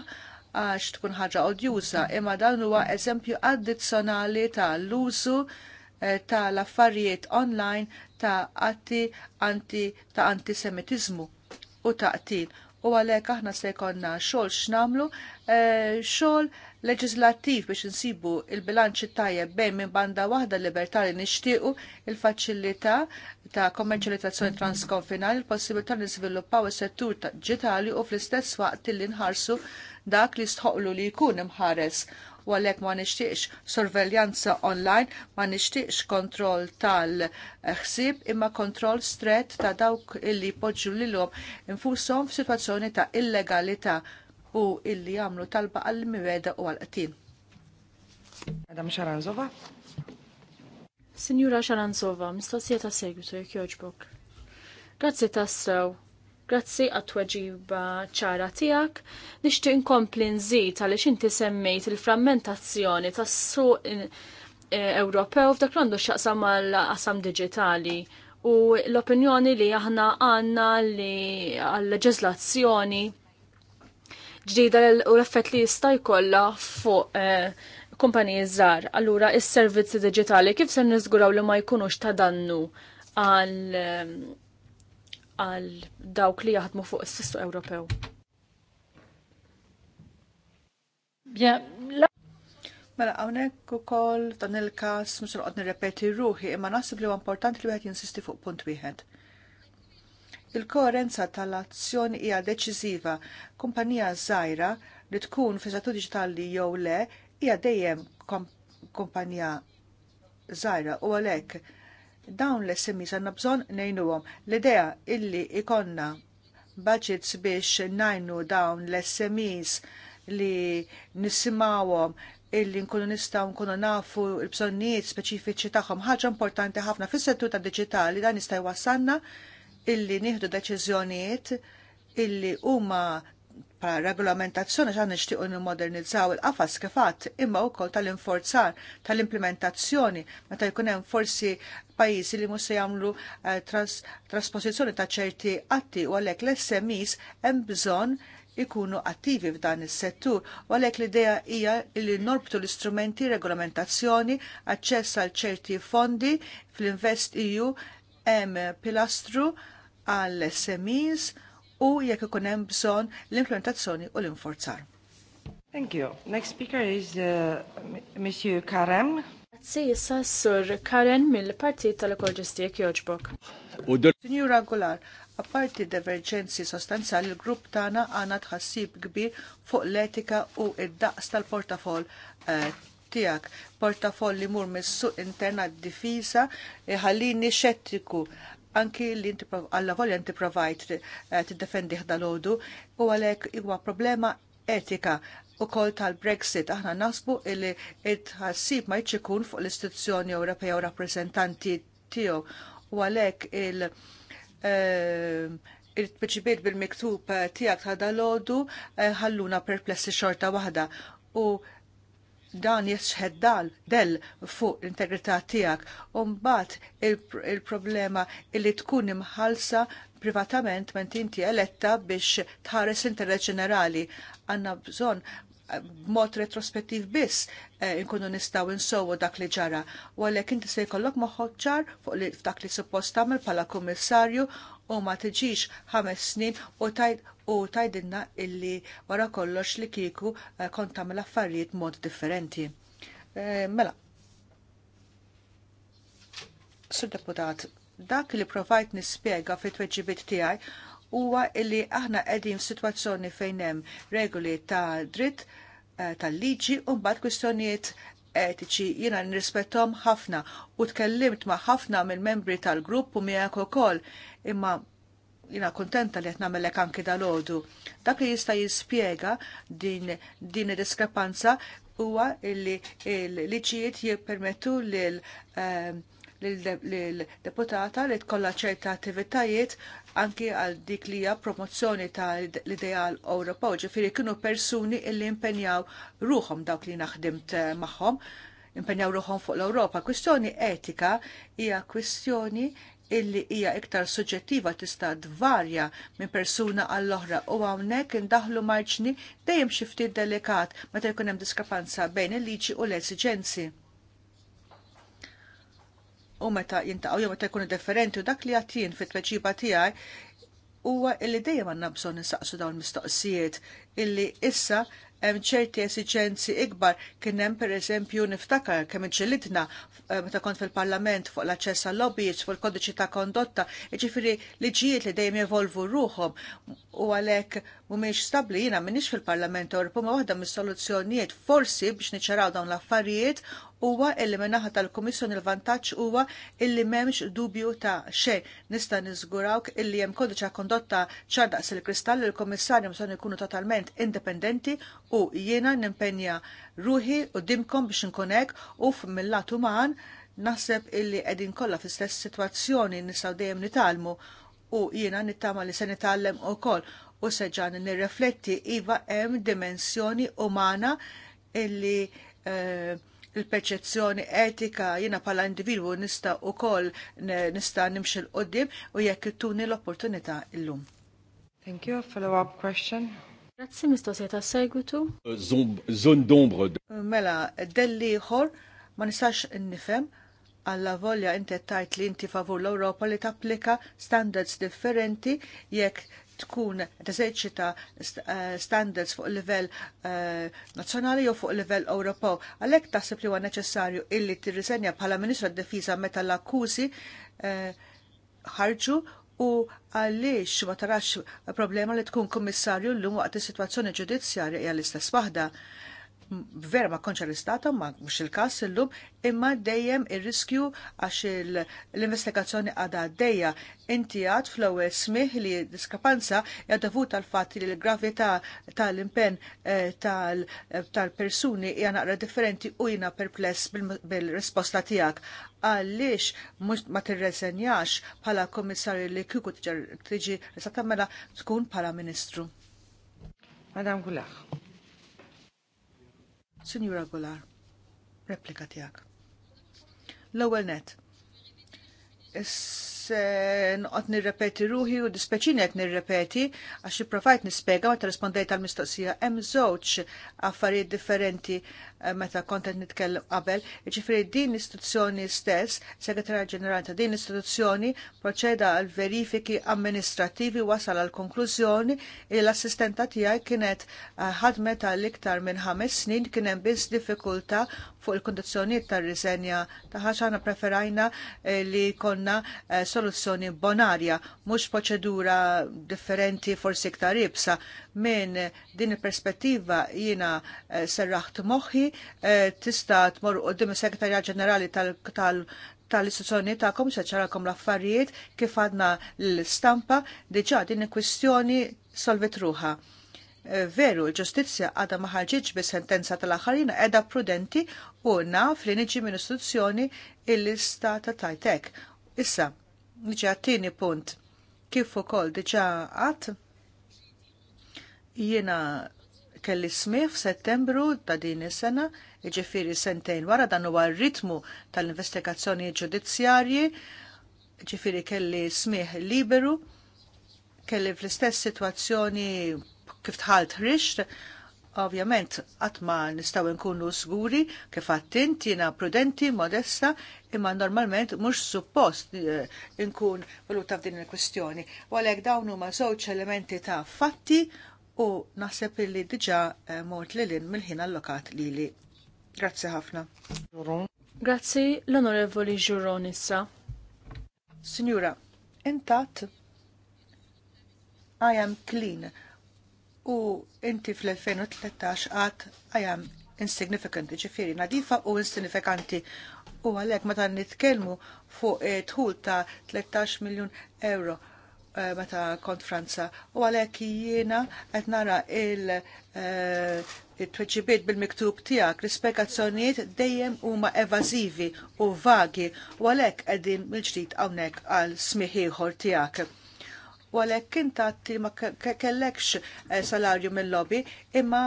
għax tkun ħaġa odjuża imma dan huwa eżempju addizzjonali l użu eh, tal-affarijiet online ta' atti anti ta' antisemitizmu u taqtin. u għalek aħna se jkollna xogħol x'namlu, eh, xogħol leġislattiv biex insibu il-bilanċ tajjeb bejn minn banda waħda libertà li nixtiequ il-faċilità ta' kommerċalizzazzjoni transkonfinali, il-possibilità li is-settur ġitali u fl-istess waqt li nħarsu dak li stħoqlu li jkun imħares u għalhekk ma nishtiqx sorveljanza online, ma nishtiqx kontroll tal-ħsieb imma kontroll strett ta' dawk illi poġġu lilhom infushom f'sitwazzjoni ta' illegalità u illi jagħmlu talba għal miweda u għal-qtin. Madam Sharanzova. Signora Sharanzova, mistoqsija ta' segwitu jekk jogħġbok. Grazzi tassew. Grazzi għat-tweġiba ċara tijak. Nishti inkompli nżid għaliex inti semmejt il-frammentazzjoni tas-suq e, Ewropew f'dak għandu x'aqsam mal-qasam digitali u l-opinjoni li aħna għanna li għall-leġizlazzjoni ġdida u l-effett li jista' jkollha fuq e, kumpaniji żgħar. Allura is-servizzi digitali kif se niżguraw li ma jkunux ta' dannu għal għal dawk li jaħdmu fuq is-sistu Ewropew. Mela, hawnhekk ukoll dan il każ mux nqod nirrepeti ruħi, imma naħseb li huwa importanti li wieħed jinsisti fuq punt wieħed. Il-koerenza tal-azzjoni hija deċiżiva. Kumpanija żgħira li tkun fi satu diġitali jew le hija dejjem kumpanija żgħira u għalhekk dawn l-SMEs għanna bżon nejnuhom. L-idea illi ikonna budgets biex najnu dawn l-SMEs li nisimawom illi nkunu nistaw nkunu nafu l-bżonnijiet speċifiċi tagħhom ħaġa importanti ħafna fis-settur ta' diġitali dan jista' jwassalna illi nieħdu deċiżjonijiet illi huma Pa' regolamentazzjoni ġan nixtiequ modernizzaw il-qafas kifat imma wkoll tal-inforzar tal-implementazzjoni meta jkun hemm forsi pajjiżi li mhux se jagħmlu eh, trasposizzjoni ta' ċerti atti u għalhekk l-SMEs hemm bżonn ikunu attivi f'dan is-settur u għalhekk l-idea hija li norbtu l-istrumenti regolamentazzjoni aċċess għal ċerti fondi fl-Invest EU hemm pilastru għall SMEs u jekk ikun hemm bżonn l-implementazzjoni u l-inforzar. Thank you. Next speaker is uh, Monsieur Karem. Grazzi, issa sur Karen mill-Partit tal-Ekoloġistijek Joġbok. Sinjur Angular, apparti divergenzi sostanzjali l-grupp tana għana tħassib kbir fuq l-etika u id-daqs tal-portafol eh, tiegħek. Portafol li mur mis-suq interna d-difisa ħallini xettiku anki li għalla volja inti provajt eh, t-defendi ħdal-ħodu u għalek huwa problema etika u kol tal-Brexit. Aħna nasbu illi id ħassib ma jċikun fuq l-istituzzjoni Ewropea u rappresentanti tiegħu u għalek il- eh, il-tbeċibiet bil-miktub eh, tijak ta' dal-ħodu ħalluna perplessi xorta wahda u dan jesħed dal del fuq l-integrità tiegħek u mbagħad il-problema illi tkun imħalsa privatament ment inti eletta biex tħares l-interess ġenerali. Għandna bżonn eh, b'mod retrospettiv biss eh, inkunu nistaw insowu dak li ġara. U għalek inti se jkollok moħħoċ fuq li f'dak li suppost tagħmel bħala kummissarju u ma tiġix ħames snin u tajt u tajdinna illi wara kollox li kieku eh, kont tagħmel affarijiet mod differenti. Eh, mela. Sur deputat, dak li provajt nispjega fit-tweġibiet tiegħi huwa illi aħna qegħdin f'sitwazzjoni fejn hemm regoli ta' dritt eh, tal-liġi u mbagħad kwistjonijiet etiċi jiena nirrispettom ħafna u tkellimt ma' ħafna mill-membri tal-grupp u miegħek ukoll imma jina kontenta li jtnamelek anki dal-ħodu. Dak li jista jispiega din, din diskrepanza huwa ehm, li l-liċijiet jippermettu l-deputata li tkolla ċerta attivitajiet anki għal dik li hija promozzjoni ta' l-ideal Ewropa, ġifieri kienu persuni illi impenjaw ruhom dawk li naħdimt eh, magħhom impenjaw ruħom fuq l-Europa. Kwistjoni etika hija kwistjoni illi hija iktar suġġettiva tista' tvarja minn persuna għall oħra u hawnhekk indaħlu marċni dejjem xi ftit delikat meta jkun hemm diskrepanza bejn il-liġi u l-esiġenzi. U meta jintaqgħu jew meta jkunu differenti u dak li għattin fit-tweġiba tiegħi huwa illi dejjem għandna bżonn nistaqsu dawn mistoqsijiet illi issa hemm ċerti esiġenzi ikbar kien hemm pereżempju niftakar kemm iġġilidna eh, meta kont fil-Parlament fuq l-aċċess għal lobbies fuq il-kodiċi ta' kondotta, jiġifieri liġijiet li dejjem jevolvu ruhom u għalhekk mhumiex stabbli jiena m'iniex fil-Parlament Ewropew ma waħda mis-soluzzjonijiet forsi biex niċċaraw dawn l-affarijiet huwa illi minaħa tal-Kummissjoni l-vantaġġ huwa illi m'hemmx dubju ta' xe nista' niżgurawk illi hemm kodiċa kondotta ċardaqs il-kristall il kummissarju mson ikunu totalment indipendenti u jiena nimpenja ruħi u dimkom biex nkun hekk u mill uman naħseb illi qegħdin kollha fl-istess sitwazzjoni nistgħu dejjem nitalmu u jiena nittama li se nitgħallem ukoll u seġan nirrefletti iva hemm dimensjoni umana illi eh, il-perċezzjoni etika jiena bħala individwu nista' ukoll nista' nimxil qoddim u jekk tuni l-opportunità illum. Thank you. Follow-up question. Grazzi Mr. ta' segwitu. Uh, Zon d'ombre. Uh, mela, delli ieħor ma nistax nifem, alla volja inti tajt li inti favur l-Europa li tapplika standards differenti jekk tkun teżerċita eh, standards fuq il-livell eh, nazzjonali jew fuq il-livell Ewropew. Għalhekk taħseb li huwa neċessarju illi tirriżenja bħala Ministru d-Difiża meta l-akkużi eh, ħarġu u għaliex ma tarax problema li tkun kummissarju llum waqt is-sitwazzjoni ġudizzjarja hija l-istess waħda vera ma konċa l-istata, ma mux il-kas illum, imma dejjem il-riskju għax l-investigazzjoni għada dejja. Inti għad fl smih li diskrepanza jadavut tal-fat li l-gravità tal-impen eh, tal-persuni hija naqra differenti u jgħana perpless bil-risposta tijak. Għalix ma tirreżenjax pala komissari li kiku tiġi resatamela tkun pala ministru. Madam Gulach. Signora Golar, replika tijak. L-ewel net, is Eh, nqot nirrepeti ruħi u dispeċini qed nirrepeti għax ipprovajt nispjega meta rispondejt għal mistoqsija hemm żewġ affarijiet differenti eh, meta kont qed nitkellem qabel. Jiġifieri din l-istituzzjoni stess, Segretarja Ġenerali ta' din l-istituzzjoni proċeda għal verifiki amministrativi wasal għal konklużjoni li l-assistenta tiegħi kienet eh, ħadmet għal iktar minn ħames snin kien hemm biss diffikultà fuq il kundizzjonijiet tar-riżenja ta' ħaġa preferajna li konna soluzzjoni bonarja, mhux proċedura differenti forsi iktar ibsa. Minn din il-perspettiva jiena eh, serraħt moħħi eh, tista' tmur qudiem is-Segretarja Ġenerali tal tal-istituzzjoni kom se ċarakom l-affarijiet kif għadna l-stampa diġa din il kwistjoni solvet eh, Veru, l-ġustizja għadha ma ħarġitx bi sentenza tal-aħħarina edha prudenti u naf li niġi minn istituzzjoni il-lista ta' tajtek. Issa, Niġi tini punt. Kif ukoll diġa għat jiena kelli smif f'Settembru ta' din is-sena, jiġifieri sentejn wara dan huwa r-ritmu tal-investigazzjoni ġudizzjarji, iġifiri kelli smih liberu, kelli fl-istess situazzjoni kif tħalt ħrixt, Ovvjament, għatma nistaw nkunu sguri, kif għattint, jina prudenti, modesta, imma normalment mux suppost eh, nkun valuta f'din il-kwestjoni. Għalek dawnu ma żewġ elementi ta' fatti u naħseb li diġa eh, mort li lin mill-ħin allokat li li. Grazzi ħafna. Grazzi l-onorevoli Ġuron issa. Signora, intat, I am clean u inti fl-2013 għat I am insignificant, ġifiri nadifa u insignifikanti. U għalek meta nitkellmu fuq tħul eh, ta' 13 miljon euro eh, meta kont Franza. U għalek jiena qed nara il- tweċibiet eh, it-tweġibiet bil-miktub tiegħek rispekazzjoniet dejjem dejjem huma evazivi u vagi u għalhekk qegħdin mill-ġdid hawnhekk għal smih ieħor tiegħek u għalhekk kinta għatti ma kellekx eh, salarju mill-lobby imma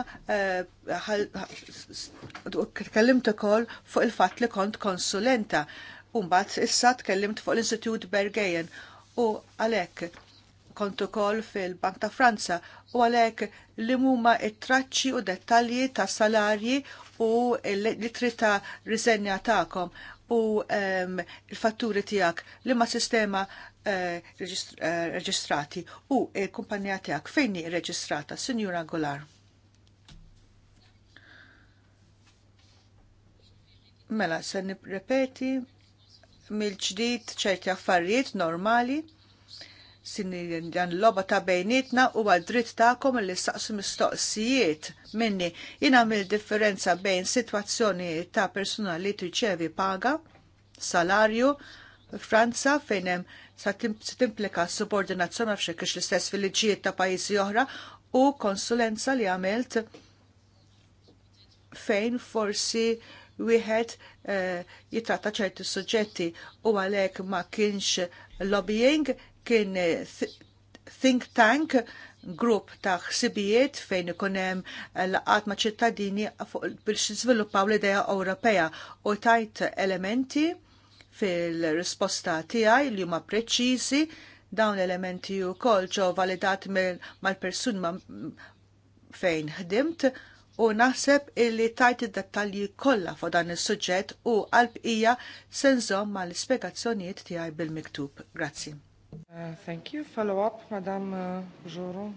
tkellimt eh, ukoll fuq il-fatt li kont konsulenta. Umbat issa tkellimt fuq l-Institut Bergejen u għalhekk kont ukoll fil-Bank ta' Franza u għalhekk li huma it-traċċi u dettalji ta' salarji u l-litri ta' riżenja tagħkom u ehm, il-fatturi tiegħek li ma' sistema Eh, eh, reġistrati u il-kumpanija tiegħek fejn hi reġistrata, Sinjura Golar. Mela, se nirrepeti mill-ġdid ċerti affarijiet normali sin dan loba ta' bejnietna u għad-dritt ta'kom li saqsu mistoqsijiet minni jina mill differenza bejn situazzjoni ta' persona li tirċevi paga, salarju, Franza fejn hemm sa timplika subordinazzjoni għal xekk l-istess fil-liġijiet ta' pajjiżi oħra u konsulenza li għamilt fejn forsi wieħed eh, jitratta ċerti suġġetti u għalhekk ma kienx lobbying kien eh, think tank grupp ta' ħsibijiet fejn ikun hemm laqat ma' ċittadini biex jiżviluppaw l-idea Ewropea u tajt elementi fil-risposta tiegħi li huma preċiżi dawn l-elementi u kol ġo validat mal-persun ma fejn ħdimt u naħseb illi tajt id-dettalji kollha fuq dan is-suġġett u għalbqija senżom mal ispjegazzjonijiet tiegħi bil-miktub. Grazzi. Uh, thank you. Follow up, Madam uh, Joro.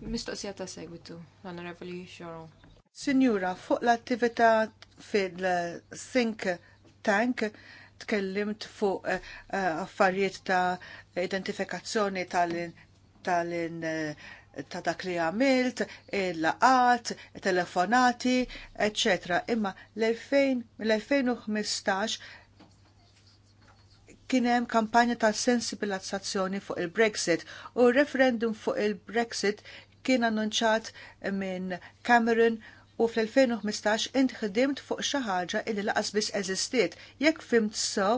Mistoqsija ta' segwitu, l-Onorevoli Joro. Signora, fuq l-attività fil-Think tank tkellimt fuq eh, eh, affarijiet ta' identifikazzjoni tal-in eh, ta' dak li għamilt, il-laqat, telefonati, etc. Imma l-2015 kienem kampanja ta' sensibilizzazzjoni fuq il-Brexit u referendum fuq il-Brexit kien annunċat minn Cameron u fl-2015 inti ħdimt fuq xi ħaġa li laqas biss eżistiet. Jekk fimt so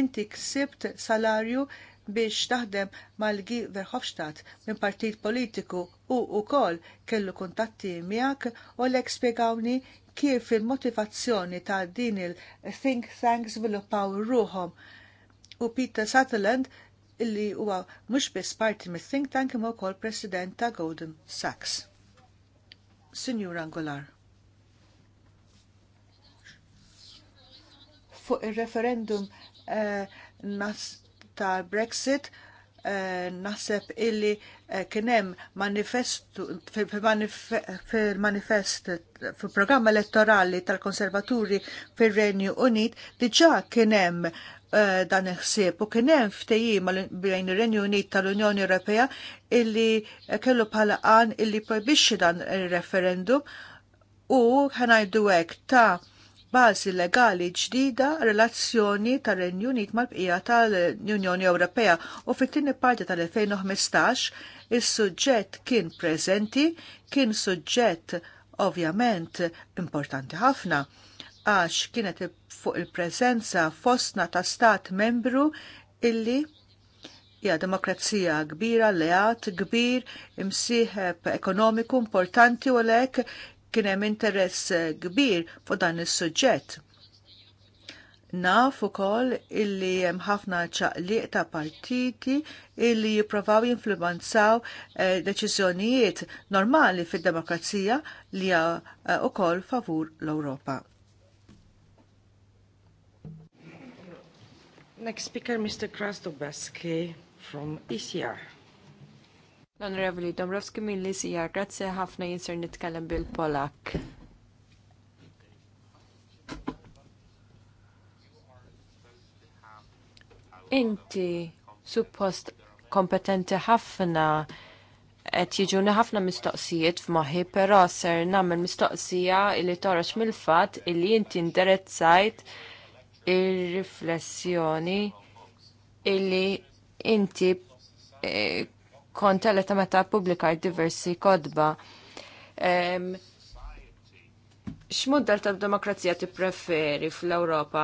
inti ksibt salarju biex taħdem mal-Gi Verhofstadt minn partit politiku u wkoll kellu kuntatti miegħek u l-ek spiegawni kif il-motivazzjoni ta' din il-think tank żviluppaw ruhom. U Peter Sutherland illi huwa mhux biss parti mit-think tank imma wkoll president ta' Golden Sachs. Signor Angolar. fuq il-referendum eh, nas ta' Brexit eh, naħseb illi eh, kienem manifestu fil-manifest fil-programm elettorali tal-konservaturi fil-Renju Unit diġa kienem dan il-ħsieb u kienem ftejim bejn ir-Renju Unit tal-Unjoni Ewropea illi kellu bħala għan illi projbixxi dan il-referendum u ħanajdu hekk ta' bażi legali ġdida relazzjoni tar-Renju Unit mal-bqija tal-Unjoni Ewropea u fit-tieni parti tal-2015 is-suġġett kien preżenti, kien suġġett ovvjament importanti ħafna għax kienet fuq il-preżenza fostna ta' stat membru illi hija demokrazija kbira, leat kbir, imsieħeb ekonomiku importanti u lek kien hemm interess eh, kbir fuq dan is-suġġett. Naf ukoll illi hemm ħafna ċaqliq ta' partiti illi jipprovaw jinfluwanzaw eh, deċiżjonijiet normali fid-demokrazija li hija eh, ukoll favur l-Ewropa. Next speaker, Mr. Krasdobeski from ECR. L-Onorevoli Domrovski milli li sija, grazzi ħafna jinser nitkellem bil-Polak. Inti suppost kompetenti ħafna et jiġuni ħafna mistoqsijiet f'moħħi, però ser nagħmel mistoqsija li torox mill-fatt illi inti indirezzajt ir-riflessjoni illi inti eh, kont teleta meta publikar diversi kodba. X'modell tal-demokrazija tippreferi fl-Ewropa?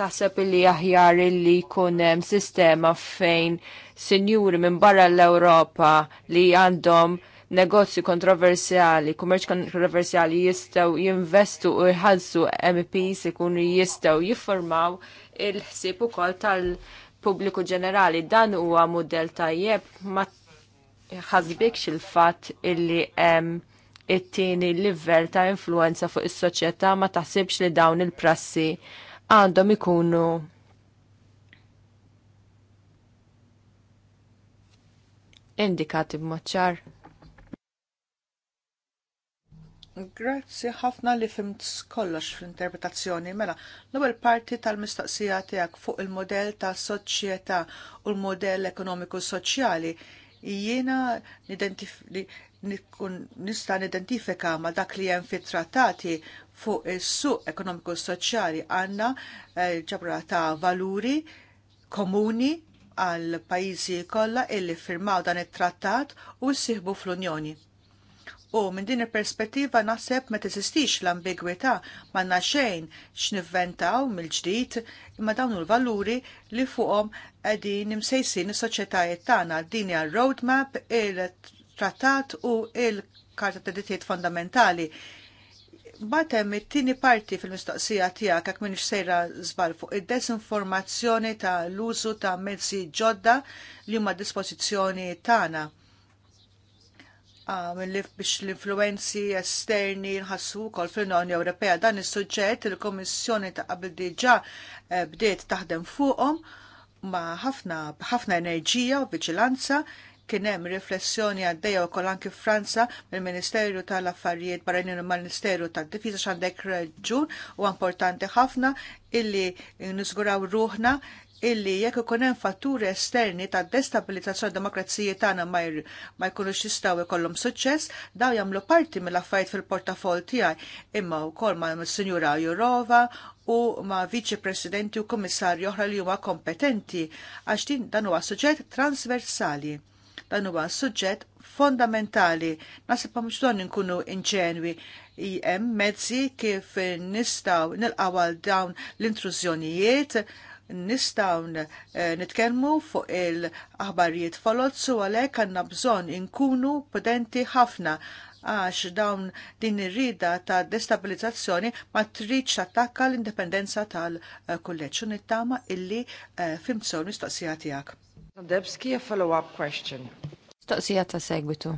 Taħseb li aħjar li jkun hemm sistema fejn sinjuri minn barra l-Ewropa li għandhom negozju kontroversjali, kummerċ kontroversjali jistgħu jinvestu u jħallsu MPs ikunu jistgħu jiffurmaw il-ħsieb ukoll tal-pubbliku ġenerali. Dan huwa mudell tajjeb ma' ħazbik il-fat illi hemm it-tieni livell ta' influenza fuq is-soċjetà ma taħsibx li dawn il-prassi għandhom ikunu indikati b'moċċar. Grazzi ħafna li fimt kollox fl-interpretazzjoni mela. L-ewwel parti tal-mistaqsija tiegħek fuq il-modell ta' soċjetà u l-modell ekonomiku soċjali jiena nista' nidentifika ma dak li hemm fit-trattati fuq is-suq ekonomiku soċjali għandna eh, ġabra ta' valuri komuni għal pajjiżi kollha illi firmaw dan it-trattat u ssieħbu fl-Unjoni. U minn din il-perspettiva naħseb ma tesistix l-ambigwità manna xejn x'nivventaw mill-ġdid imma dawn il-valuri li fuqhom qegħdin imsejsin is soċetajiet tagħna din hija roadmap il-trattat u il-Karta ta' Dittijiet Fondamentali. Batem it-tieni parti fil-mistoqsija tiegħek jekk minix sejra żbal fuq id-desinformazzjoni ta' l-użu ta' mezzi ġodda li huma dispożizzjoni tagħna ah, mill biex l-influenzi esterni nħassu kol fil-Unjoni Ewropea dan is suġġett il kummissjoni ta' qabel diġà eh, bdiet taħdem fuqhom ma' ħafna ħafna enerġija u viġilanza kien hemm riflessjoni għaddejja wkoll anki Franza mill-Ministeru tal-Affarijiet Barranin u mal-Ministeru tad-Difiża x'għandek raġun u importanti ħafna illi nisguraw ruħna illi jekk ikun hemm fatturi esterni ta' destabilizzazzjoni demokrazija tagħna ma jkunux jistgħu jkollhom suċċess, daw jagħmlu parti mill-affarijiet fil-portafol tiegħi imma wkoll ma' Sinjura Jurova u ma' viċi presidenti u komissarju oħra li huma kompetenti għax din dan huwa suġġett transversali. Dan huwa suġġett fondamentali. Nasib mhux dan inkunu inċenwi hemm mezzi kif nistgħu nilqgħu għal dawn l-intrużjonijiet nistgħu eh, nitkellmu fuq il-aħbarijiet folot għalhekk għandna bżonn inkunu prudenti ħafna għax dawn din rida ta' destabilizzazzjoni ma tridx attakka l-indipendenza tal-kulleġġ nittama illi eh, fimsew mistoqsija tijak. Debski a follow-up question. Mistoqsija ta' segwitu.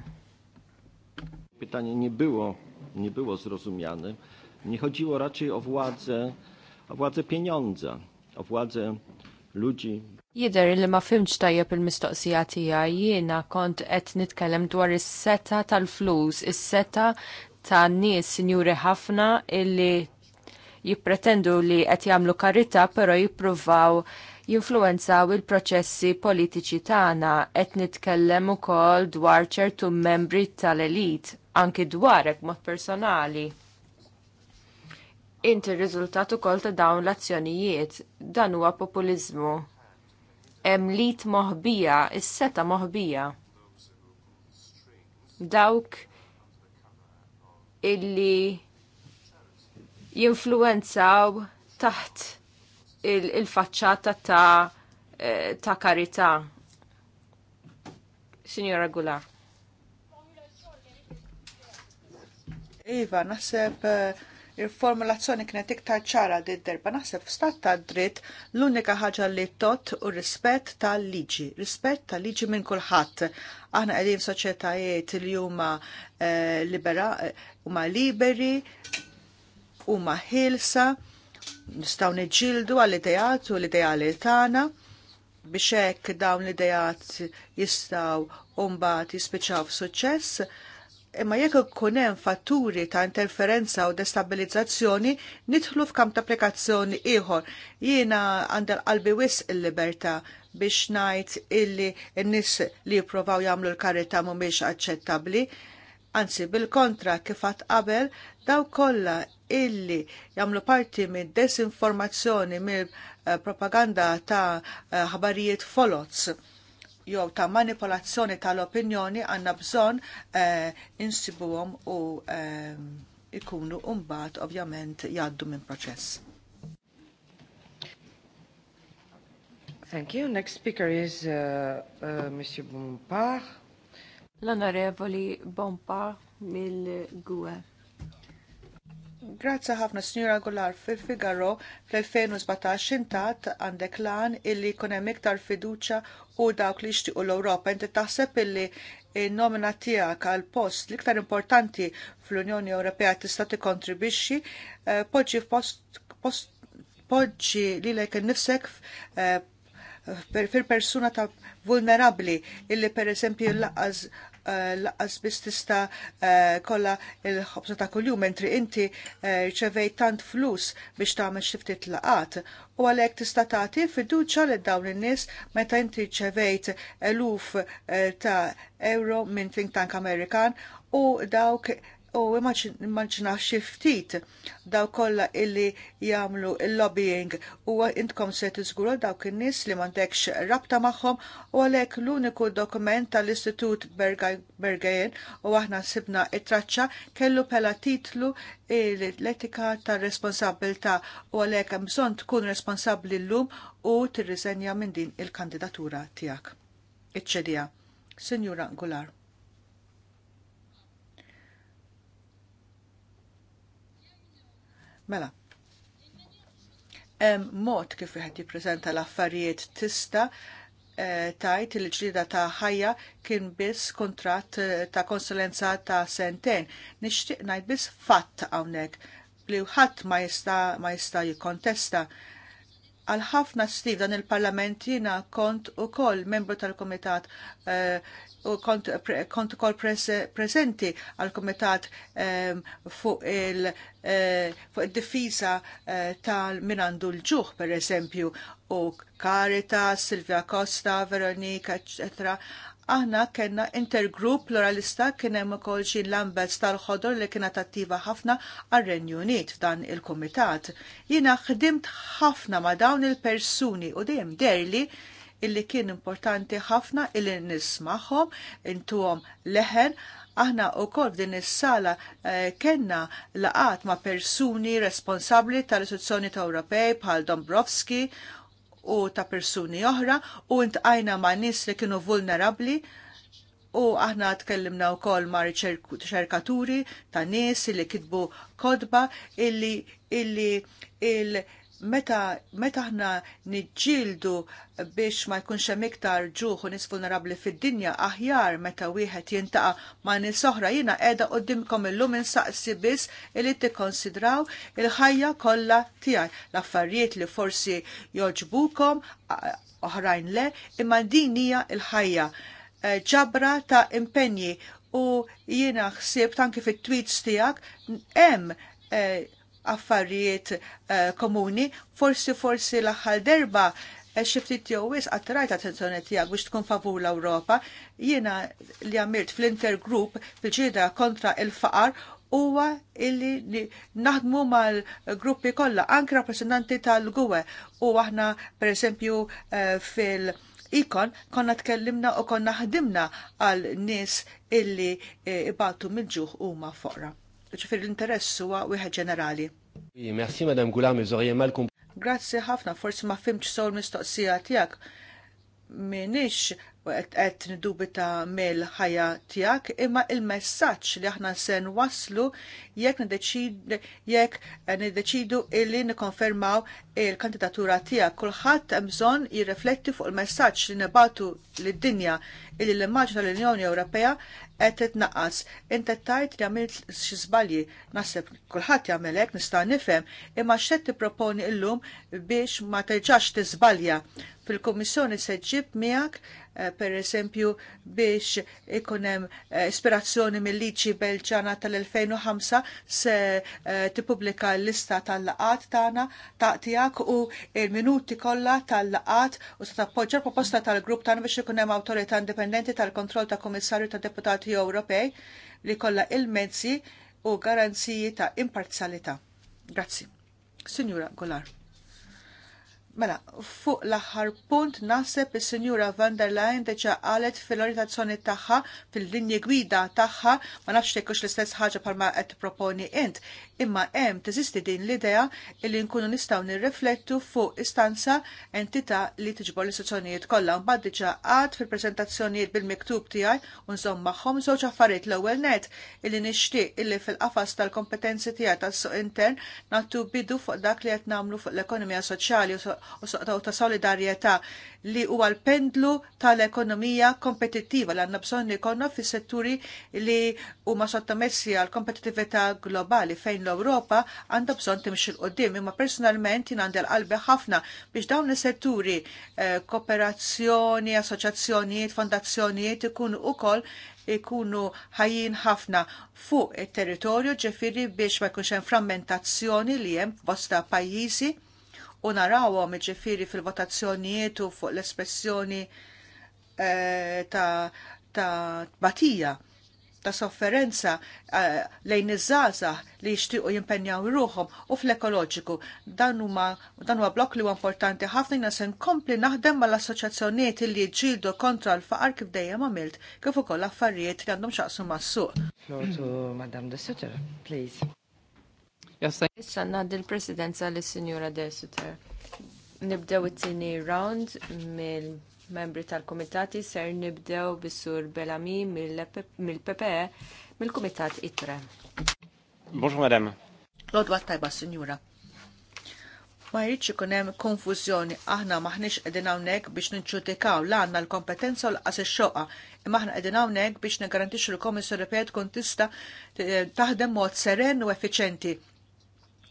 Pytanie nie było, nie było zrozumiane. Nie chodziło raczej o władzę, o władzę pieniądza, o władzę ludzi Jider li ma fimx tajjeb il-mistoqsija tiegħi jiena kont qed nitkellem dwar is-seta tal-flus, is-seta ta' nies sinjuri ħafna illi jippretendu li qed jagħmlu karità però jippruvaw jinfluenzaw il-proċessi politiċi tagħna qed nitkellem ukoll dwar ċertu membri tal-elit anki dwarek mod personali. Inti r-riżultat ukoll ta' dawn l-azzjonijiet dan huwa populiżmu emlit moħbija, is-seta moħbija. Dawk illi jinfluenzaw taħt il-facċata il ta', eh, ta karità. Signora Gula. Iva, naħseb uh il-formulazzjoni kienet iktar ċara di d-derba naħseb f'stat ta' dritt l-unika ħaġa li tot u rispett tal-liġi, rispett tal-liġi minn kulħadd. Aħna qegħdin soċjetajiet li huma eh, libera, eh, huma liberi, huma ħilsa, nistgħu niġġieldu għall-idejat u l-idejali tagħna biex hekk dawn l-idejat jistgħu mbagħad jispiċċaw f'suċċess imma jekk ikun hemm fatturi ta' interferenza u destabilizzazzjoni nidħlu f'kamp ta' applikazzjoni ieħor. Jiena għandha qalbi wis il-libertà biex ngħid illi n-nies li jippruvaw jagħmlu l-karità mhumiex aċċettabbli. Anzi, bil-kontra kif qatt qabel daw kollha illi jagħmlu parti minn desinformazzjoni mill propaganda ta' ħabarijiet folots jew ta' manipolazzjoni tal-opinjoni għandna bżonn eh, insibuhom u eh, ikunu mbagħad ovvjament jgħaddu minn proċess. Thank you. Next speaker is uh, uh, Monsieur Bompard. L-Onorevoli Bompard mill-GUE. Grazzi ħafna Sinjura Gular fil-Figaro fl-2017 intat għandek lan illi kunem iktar fiduċa u dawk li jixtiequ l-Ewropa. Inti taħseb illi nomina tiegħek għal post l-iktar importanti fl-Unjoni Ewropea tista' tikkontribwixxi eh, poġġi post poġġi li lek nifsek eh, fil-persuna ta' vulnerabli illi per eżempju laqqas Eh, laqas biss tista' eh, kollha il-ħobsa ta' kuljum mentri inti eh, rċevejt tant flus biex tagħmel xi ftit laqat u għalhekk tista' tagħti fiduċja lil dawn in-nies meta inti rċevejt eluf ta' euro minn think tank Amerikan u dawk u immaġina xi ftit daw kollha illi jagħmlu il-lobbying u intkom se tiżguru dawk in-nies li m'għandekx rabta magħhom u għalhekk l-uniku dokument tal-Istitut Bergajen u aħna sibna it-traċċa kellu pela titlu l-etika tar responsabilta u għalhekk hemm bżonn tkun responsabbli llum u tirriżenja minn din il-kandidatura tiegħek. Iċċedija. Sinjura Gular. Mela, hemm mod kif wieħed jippreżenta l-affarijiet tista' eh, tajt il-ġrida ta' ħajja kien biss kontrat eh, ta' konsulenza ta' sentejn. Nixtieq ngħid biss fatt hawnhekk li ħadd ma jista' ma jista' jikkontesta. Għal ħafna stiv dan il-Parlament jiena kont ukoll membru tal-Kumitat eh, u kont, pre, kont kol prezenti għal komitat um, ehm, fuq il- uh, fuq difisa uh, eh, tal-minandu l-ġuħ, per eżempju, u Karita, Silvia Costa, Veronika, eccetera, aħna kena intergrupp pluralista kien hemm ukoll xi tal-ħodor li kena attiva ħafna għal renju Unit dan il-kumitat. Jiena ħdimt ħafna ma' dawn il-persuni u dejjem derli illi kien importanti ħafna illi nismaħħom intuhom leħen aħna u kol din is-sala eh, kenna laqat ma' persuni responsabli tal-istituzzjoni ta' Ewropej bħal Dombrovski u ta' persuni oħra u intqajna ma' nis li kienu vulnerabli u aħna tkellimna u kol ma' ċerkaturi ta' nis li kitbu kodba illi illi il meta meta ħna niġġieldu biex ma jkunx hemm iktar ġuħ u nisfu narabli fid-dinja aħjar meta wieħed jintaqa' ma' nies oħra jiena qiegħda qudiemkom illum insaqsi biss li tikkonsidraw il-ħajja kollha tiegħi l-affarijiet li forsi joġbukom oħrajn le imma din hija l-ħajja e, ġabra ta' impenji u jiena ħsieb tanki fit-tweets tiegħek hemm e, affarijiet uh, komuni, forsi forsi l axħal derba eh, xiftit jew wis attrajt attenzjoni tiegħek biex tkun favur l-Ewropa, jiena li għamilt fl-intergroup fil-ġieda kontra il-faqar huwa illi naħdmu mal-gruppi kollha anke rappresentanti tal-gwe u aħna pereżempju eh, fil- Ikon konna tkellimna u konna ħdimna għal nies illi ibatu mill-ġuħ huma foqra ċifir l-interess huwa wieħed ġenerali. Merci, Madam Gulami, zorje malkum. Grazzi ħafna, forsi ma fimċ sol mistoqsija tijak. Minix qed nidubita mill-ħajja tiegħek, imma il-messaġġ li aħna se waslu jekk jekk eh, niddeċidu illi nikkonfermaw il-kandidatura tiegħek. Kulħadd hemm bżonn jirrifletti fuq il-messaġġ li nibatu lid-dinja illi l-immaġna l-Unjoni Ewropea qed titnaqqas. Inti tajt li għamilt xi żbalji, naħseb kulħadd jagħmel hekk nista' nifhem, imma x'qed tipproponi llum biex ma terġax tiżbalja. Fil-Kummissjoni se ġib miegħek Eh, per esempio biex ikunem eh, ispirazzjoni mill-liċi belġana tal-2005 se eh, tipublika l-lista tal-laqat tagħna ta' tiegħek u il-minuti kollha tal-laqat u se tappoġġa proposta tal-grupp tagħna biex ikun hemm awtorità indipendenti tal-kontroll ta' Kummissarju ta' Deputati Ewropej li kollha il-mezzi u garanziji ta' imparzjalità. Grazzi. Signora Golar. Mela, fuq l-aħħar punt naħseb is-Sinjura van der Leyen deċa qalet fil-orientazzjoni tagħha fil-linji gwida tagħha ma nafx tekkux l-istess ħaġa bħalma qed proponi int, imma hemm teżisti din l-idea li nkunu nistgħu nirriflettu fuq istanza entità li tiġbor l-istituzzjonijiet kollha mbagħad diġà għad fil-preżentazzjonijiet bil-miktub tiegħi u nżomm magħhom żewġ affarijiet l-ewwel net illi nixtieq illi fil-qafas tal-kompetenzi tiegħi tas-suq intern nagħtu bidu fuq dak li qed nagħmlu fuq l-ekonomija soċjali u ta' solidarjetà li huwa l-pendlu tal-ekonomija kompetittiva li għandna bżonn konna fis setturi li huma sottomessi għal kompetittività globali fejn l-Ewropa għandha bżonn timxil l qoddim imma personalment jien għandel l-qalbi ħafna biex dawn is-setturi eh, kooperazzjoni, assoċjazzjonijiet, fondazzjonijiet ikunu kol ikunu ħajjin ħafna fuq it-territorju ġifiri biex ma jkunx hemm frammentazzjoni li hemm bosta pajjiżi u narawhom iġifiri fil-votazzjonijiet u fuq l-espressjoni eh, ta', ta batija ta' sofferenza uh, lejn iż-żaza li jixtiequ jimpenjaw ruhom u fl-ekoloġiku. Dan huma dan huwa blok li huwa importanti ħafna jina se nkompli naħdem mal-assoċjazzjonijiet li jġildu kontra l-faqar kif dejjem għamilt kif ukoll affarijiet li għandhom xaqsu mas-suq. Floor to Madame de Sutter, please. Issa ngħaddi l-presidenza lis sinjura De Suter. Nibdew it-tieni round mill-membri tal-kumitati ser nibdew bissur Belami mill-PPE mill-kumitat ITRE. Bonjour madame. Lodwa tajba sinjura. Ma jridx ikun hemm konfużjoni aħna maħniex qegħdin hawnhekk biex nċutikaw l għanna l-kompetenza l qas xoqa imma aħna qegħdin hawnhekk biex negarantixxu l-Komissjoni repet tkun tista' eh, taħdem mod seren u effiċenti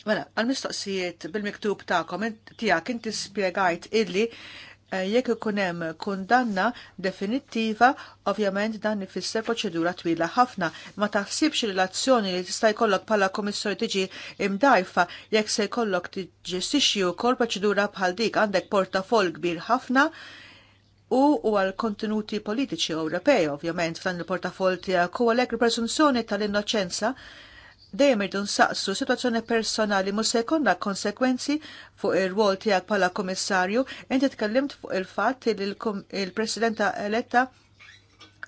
Mela, għal-mistoqsijiet bil-miktub komment tijak inti spiegajt illi eh, jekk ikun hemm kundanna definittiva, ovvjament dan ifisser proċedura twila ħafna. Ma taħsibx relazzjoni li tista' jkollok bħala komissjoni tiġi imdajfa jekk se jkollok tiġġestixxi wkoll proċedura bħal dik għandek portafol kbir ħafna u għal kontenuti politiċi Ewropej, ovvjament, f'dan il-portafol tiegħek u għalhekk il-presunzjoni tal-innoċenza dejjem irdu nsaqsu situazzjoni personali mhux se jkollna konsekwenzi fuq ir-rwol tiegħek bħala kummissarju, inti tkellimt fuq il-fatt li l-Presidenta eletta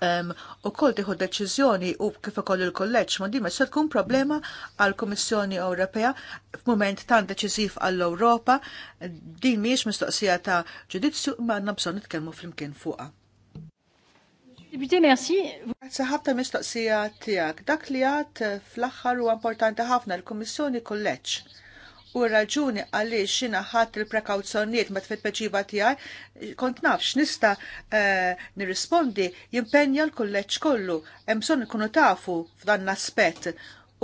Um, ehm, u kol tiħu deċizjoni u kif ukoll il-kolleġġ ma dima se tkun problema għal kummissjoni Ewropea f'mument tan deċiżiv għall-Ewropa din mhijiex mistoqsija ta' ġudizzju ma għandna bżonn nitkellmu flimkien fuqha. Deputé, merci. Saħabta mistoqsija tijak. Dak li għat eh, fl-axħar u importanti ħafna l komissjoni kolleċ. U raġuni għalli xina ħat il-prekawzjoniet ma tfet peġiba tijaj, kont nafx nista eh, nirrispondi jimpenja l-kolleċ kollu. Emson kunu tafu f'dan l-aspet.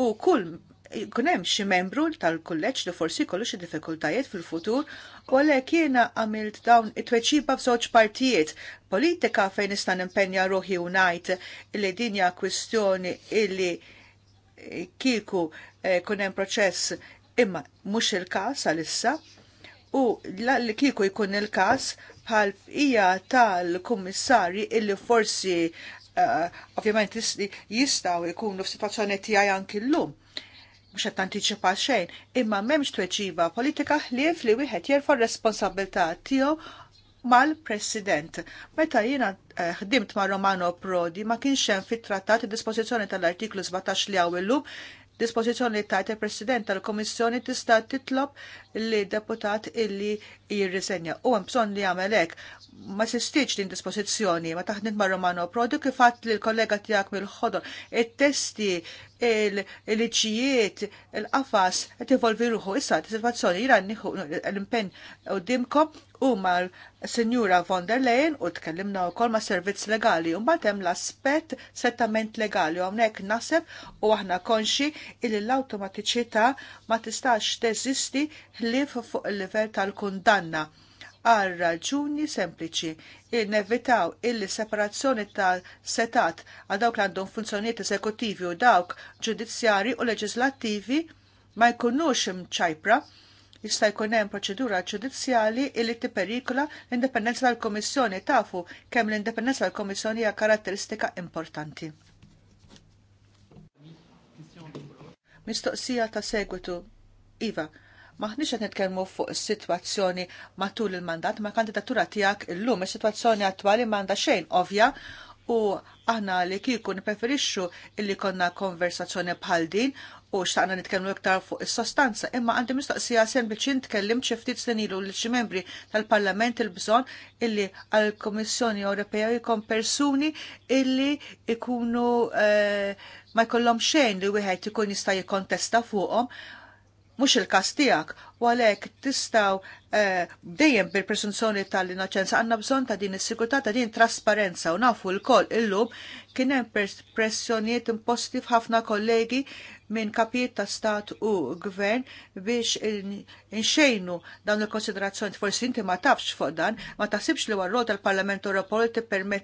U kull kunem xi membru tal-kulleġġ li forsi kollu xi diffikultajiet fil-futur U għalhekk jiena għamilt dawn it-tweċiba f'żewġ partijiet politika fejn nista' nimpenja ruħi u ngħid li dinja kwistjoni illi kieku eh, kunem hemm proċess imma mhux il-każ għalissa u li kieku jkun il-każ bħal ija tal-kummissarji illi forsi eh, ovvjament jistaw ikunu f'sitwazzjoni tiegħi anki llum mux għattan tiċipa xejn, imma memx tweġiba politika ħlief li wieħed jerfa r-responsabilta' tiegħu mal-President. Meta jiena eh, ħdimt ma' Romano Prodi ma kienx hemm fit-trattat id-dispożizzjoni tal-artiklu 17 li hawn illum dispożizzjoni tajt il-President tal-Komissjoni tista' titlob li deputat illi jirrisenja. U hemm bżonn li jagħmel hekk ma sistiċ din dispożizzjoni ma taħdit ma' Romano Prodi, kif li l-kollega tiegħek mill-ħodor il testi il ċijiet il-qafas qed ivolvi ruħu issa situazzjoni jira l-impenn dimkom, u mal Sinjura von der Leyen u tkellimna wkoll ma' servizz legali u mbagħad hemm l-aspett settament legali u hawnhekk naħseb u aħna konxi illi l-awtomatiċità ma tistax teżisti ħlief fuq il-livell tal-kundanna għal raġuni sempliċi il nevitaw illi separazzjoni ta' setat għal dawk li għandhom funzjonijiet eżekutivi u dawk ġudizzjari u leġislattivi ma jkunux mċajpra jista' jkun hemm proċedura ġudizzjali li tipperikola l-indipendenza tal kummissjoni tafu kemm l-indipendenza tal kummissjoni hija karatteristika importanti. Mistoqsija ta' segwitu. Iva, maħniċ għet nitkellmu fuq situazzjoni matul il-mandat, ma kandidatura tijak il-lum, situazzjoni attuali manda xejn, ovja, u aħna li kiku nipreferixxu illi konna konversazzjoni bħal din u xtaqna nitkellmu iktar fuq is-sostanza, imma għandi mistoqsija sen biex intkellim xi ftit senilu l xi membri tal-Parlament il-bżonn illi għall-Kummissjoni Ewropea jkun persuni illi ikunu eh, ma jkollhom xejn li wieħed ikun jista' jikkontesta fuqhom mux il-kastijak, u għalek tistaw eh, dejjem bil-presunzjoni tal-innoċenza għanna bżon ta' din is-sigurtà ta' din trasparenza u nafu l-koll illum kien hemm pressjonijiet imposti f'ħafna kollegi minn kapijiet ta' stat u gvern biex inxejnu dawn il-konsiderazzjoni forsi inti ma tafx fuq dan, ma tasibx li warrot tal-Parlament Ewropew li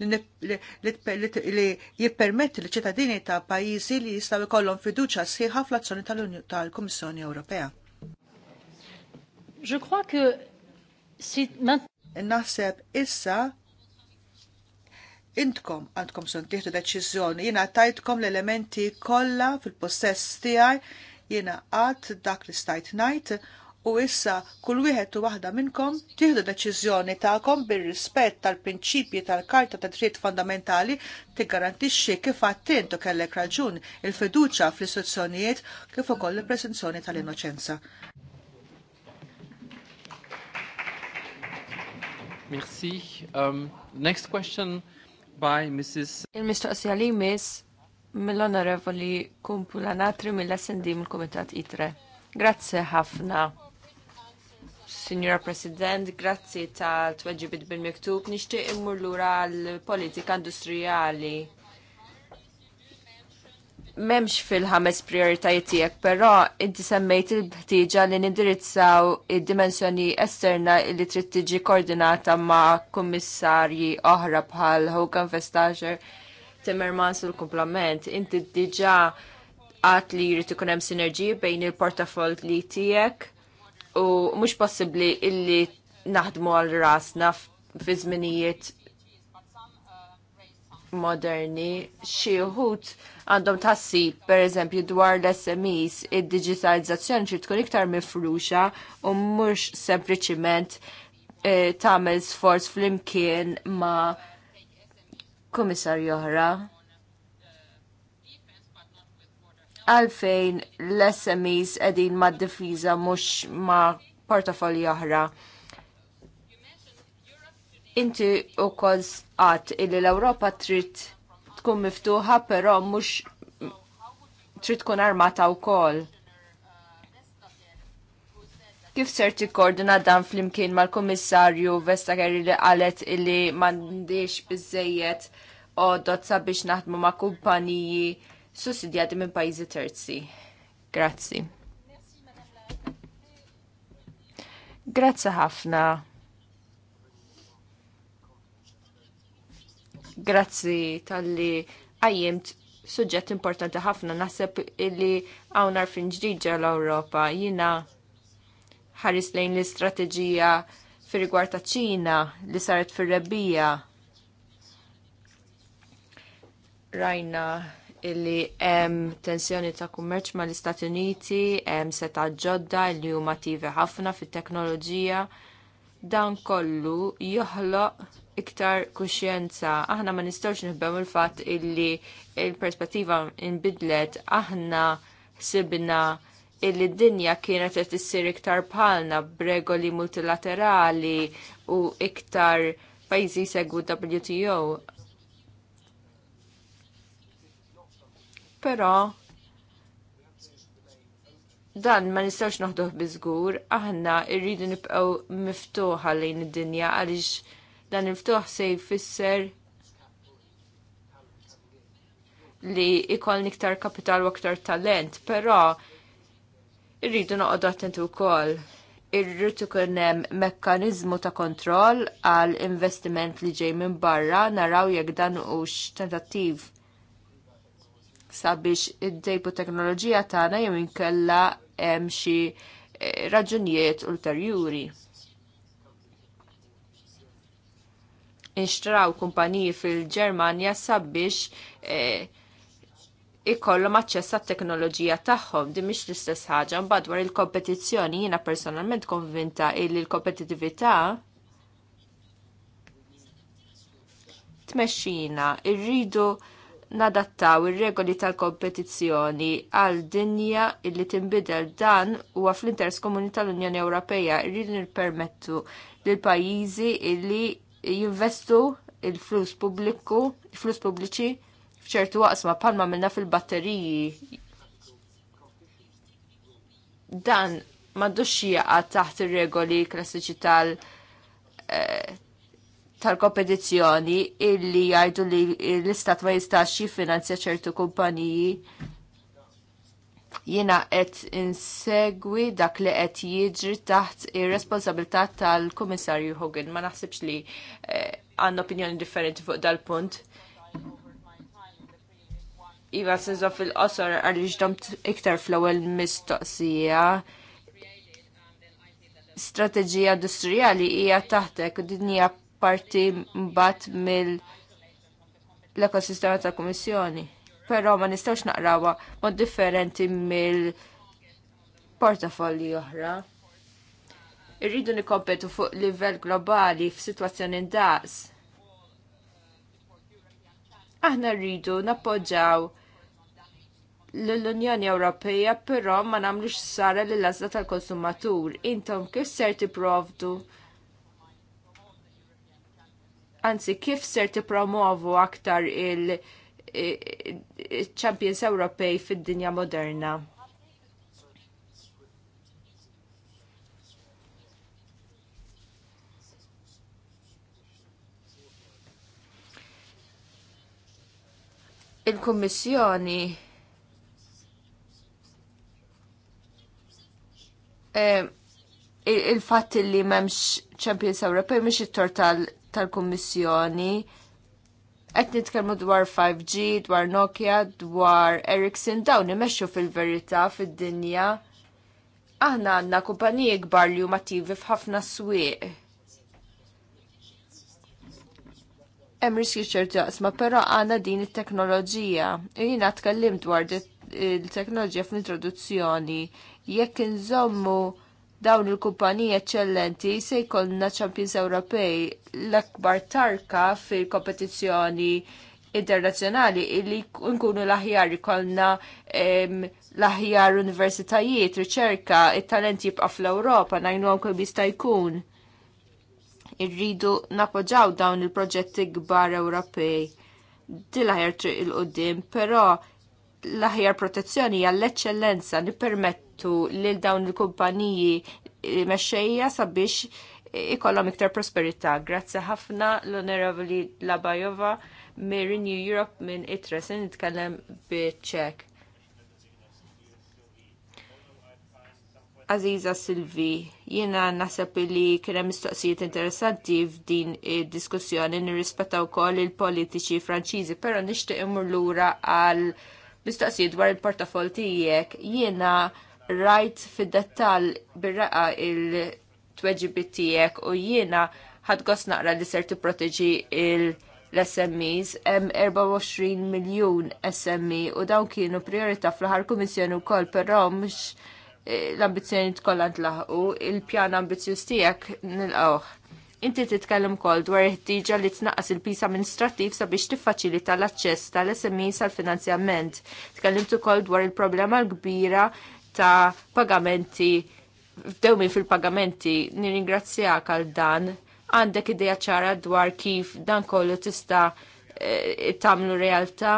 li jippermetti li ċittadini ta' pajjiżi li jistaw ikollhom fiduċa sħiħa fl-azzjoni tal-Kummissjoni Ewropea. Je crois que si naħseb issa intkom għandkom son tieħdu deċiżjoni, jiena tajtkom l-elementi kollha fil-possess tiegħi jiena qatt dak li stajt ngħid u issa kull wieħed u waħda minnkom tieħdu deċiżjoni tagħkom bir-rispett tal-prinċipji tal-Karta ta' Dritt Fundamentali tiggarantixxi kif attentu kellek raġun il-fiduċja fl-istituzzjonijiet kif ukoll il presenzjoni tal-innoċenza. Merci. Um, next question by Mrs. Il-mistoqsija li miss mill-onorevoli Kumpula Natri mill-SND mill-Kumitat ITRE. Grazie ħafna. Signora President, grazzi tal tweġibit bil-miktub, nixtieq immur lura l-politika industrijali. Memx fil-ħames prioritajiet tiegħek, però inti semmejt il-ħtieġa li nindirizzaw id-dimensjoni esterna li trid tiġi koordinata ma' kummissarji oħra bħal Hogan Vestager Timmermans u l-komplement. Inti diġà għat li jrid ikun hemm sinerġiji bejn il-portafol li tiegħek u mhux possibbli illi naħdmu għal rasna fi żminijiet moderni, xieħut wħud għandhom per pereżempju dwar l-SMEs, id-digitalizzazzjoni trid tkun iktar mifruxa u mhux sempliciment tamel tagħmel fl flimkien ma' komissarju oħra għalfejn l-SMEs edin ma' difiża mux ma' portafolli oħra. Inti u koll għat illi l-Europa trid tkun miftuħa, però mux trid tkun armata u koll. Kif ser koordina dan fl-imkien mal-Komissarju Vestager li għalet illi mandiġ bizzejiet oddot sabiex naħdmu ma' kumpaniji sussidjati minn pajjiżi terzi. Grazzi. Grazzi ħafna. Grazzi tal-li għajjimt suġġett importanti ħafna naħseb illi għawnar fin ġdijġa l-Ewropa jina ħaris lejn l-istrateġija fir rigward ta' ċina li saret fir rebbija rajna illi hemm tensjoni ta' kummerċ mal istati Uniti, hemm seta' ġodda li huma tivi ħafna fit-teknoloġija. Dan kollu joħloq iktar kuxjenza. Aħna ma nistgħux nibbew il-fatt illi il-perspettiva inbidlet aħna sibna illi d-dinja kienet qed issir iktar bħalna b'regoli multilaterali u iktar pajjiżi segwu WTO però dan ma nistawx naħduh żgur, aħna irridu nibqgħu miftuħa lejn id-dinja għaliex dan il-ftuħ se jfisser li ikoll niktar kapital u aktar talent, però irridu noqogħdu attenti wkoll. Irrid ikun hemm mekkaniżmu ta' kontroll għal investiment li ġej minn barra naraw jekk dan hux tentattiv sabiex id-dejpu teknoloġija tagħna jew inkella hemm xi eh, raġunijiet ulterjuri. Inxtraw kumpaniji fil-Ġermanja sabiex eh, ikollhom aċċess għat-teknoloġija tagħhom din mhix l-istess ħaġa mbagħad dwar il-kompetizzjoni jiena personalment konvinta li l-kompetitività tmexxina rridu il nadattaw ir-regoli tal-kompetizzjoni għal dinja illi tinbidel dan huwa fl-interess komuni tal-Unjoni Ewropea irrid nippermettu lil pajjiżi illi jinvestu il-flus pubbliku, flus pubbliċi f'ċertu waqsma palma minna fil-batteriji. Dan m'għandux jaqa' taħt ir-regoli klassiċi tal- eh, tal-kompetizzjoni illi jgħidu li l-istat ma jistax jiffinanzja ċertu kumpaniji jina qed insegwi dak li qed jiġri taħt ir-responsabilità tal-Kummissarju Hogan. Ma naħsibx li eh, għandna eh, opinjoni differenti fuq dal-punt. Iva sinżo fil-qosor għaliex domt iktar fl-ewwel mistoqsija. Strateġija industrijali hija taħtek u din hija parti mbagħad mill l-ekosistema ta' kummissjoni. Però ma nistgħux naqrawha mod differenti mill portafolli oħra. Irridu nikompetu fuq livell globali f'sitwazzjoni daqs. Aħna rridu nappoġġaw l-Unjoni Ewropea però ma nagħmlux sara l-lazda tal-konsumatur. Intom kif ser tipprovdu anzi kif ser tipromovu aktar il-Champions Ewropej fid-dinja moderna? Il-Kummissjoni eh, il-fatt li memx Champions Ewropej mhix it-tortal tal-Kummissjoni qed nitkellmu dwar 5G, dwar Nokia, dwar Ericsson, dawn imexxu fil-verità fid-dinja. Aħna għandna kumpaniji kbar li huma attivi f'ħafna swieq. Hemm riskju ċertu jaqsma, però għandna din it-teknoloġija. Jiena tkellimt dwar il-teknoloġija fl-introduzzjoni. Jekk inżommu dawn il-kumpaniji eccellenti se jkollna Champions Ewropej l-akbar tarka fil-kompetizzjoni internazzjonali illi nkunu l-aħjar jkollna l-aħjar universitajiet, riċerka, il talent jibqa' fl-Ewropa najnu kemm jista' jkun. Irridu napoġġaw dawn il-proġetti kbar Ewropej. Dil aħjar triq il-qudiem, però l-aħjar protezzjoni għall-eċċellenza nippermettu lil dawn il-kumpaniji eh, mexxejja sabiex eh, ikollhom iktar prosperità. Grazzi ħafna l-Onorevoli Labajova mir Renew Europe minn Itra se nitkellem biċ Aziza Silvi, jiena naħseb li kien hemm mistoqsijiet interessanti f'din id-diskussjoni nirrispettaw ukoll il-politiċi Franċiżi, però nixtieq imur lura għal mistoqsijiet dwar il-portafol tiegħek jiena rajt fid-dettall bir-raqa il tweġib tiegħek u jiena ħadgos naqra li ser tipproteġi l-SMEs hemm 24 miljun SME u dawn kienu priorita fl-ħar kummissjoni wkoll però mx eh, l-ambizzjoni tkollha u il-pjan ambizzjuż tiegħek nilqgħuh Inti titkellem kol dwar ħtiġa li tnaqqas il-pis amministrativ sabiex tiffaċilita l-aċċess tal-SMI sal-finanzjament. Tkellimt ukoll dwar il-problema l-kbira ta' pagamenti dewmi fil-pagamenti. Nirringrazzjak għal dan. Għandek ideja ċara dwar kif dan kollu tista' e, eh, tamlu realtà?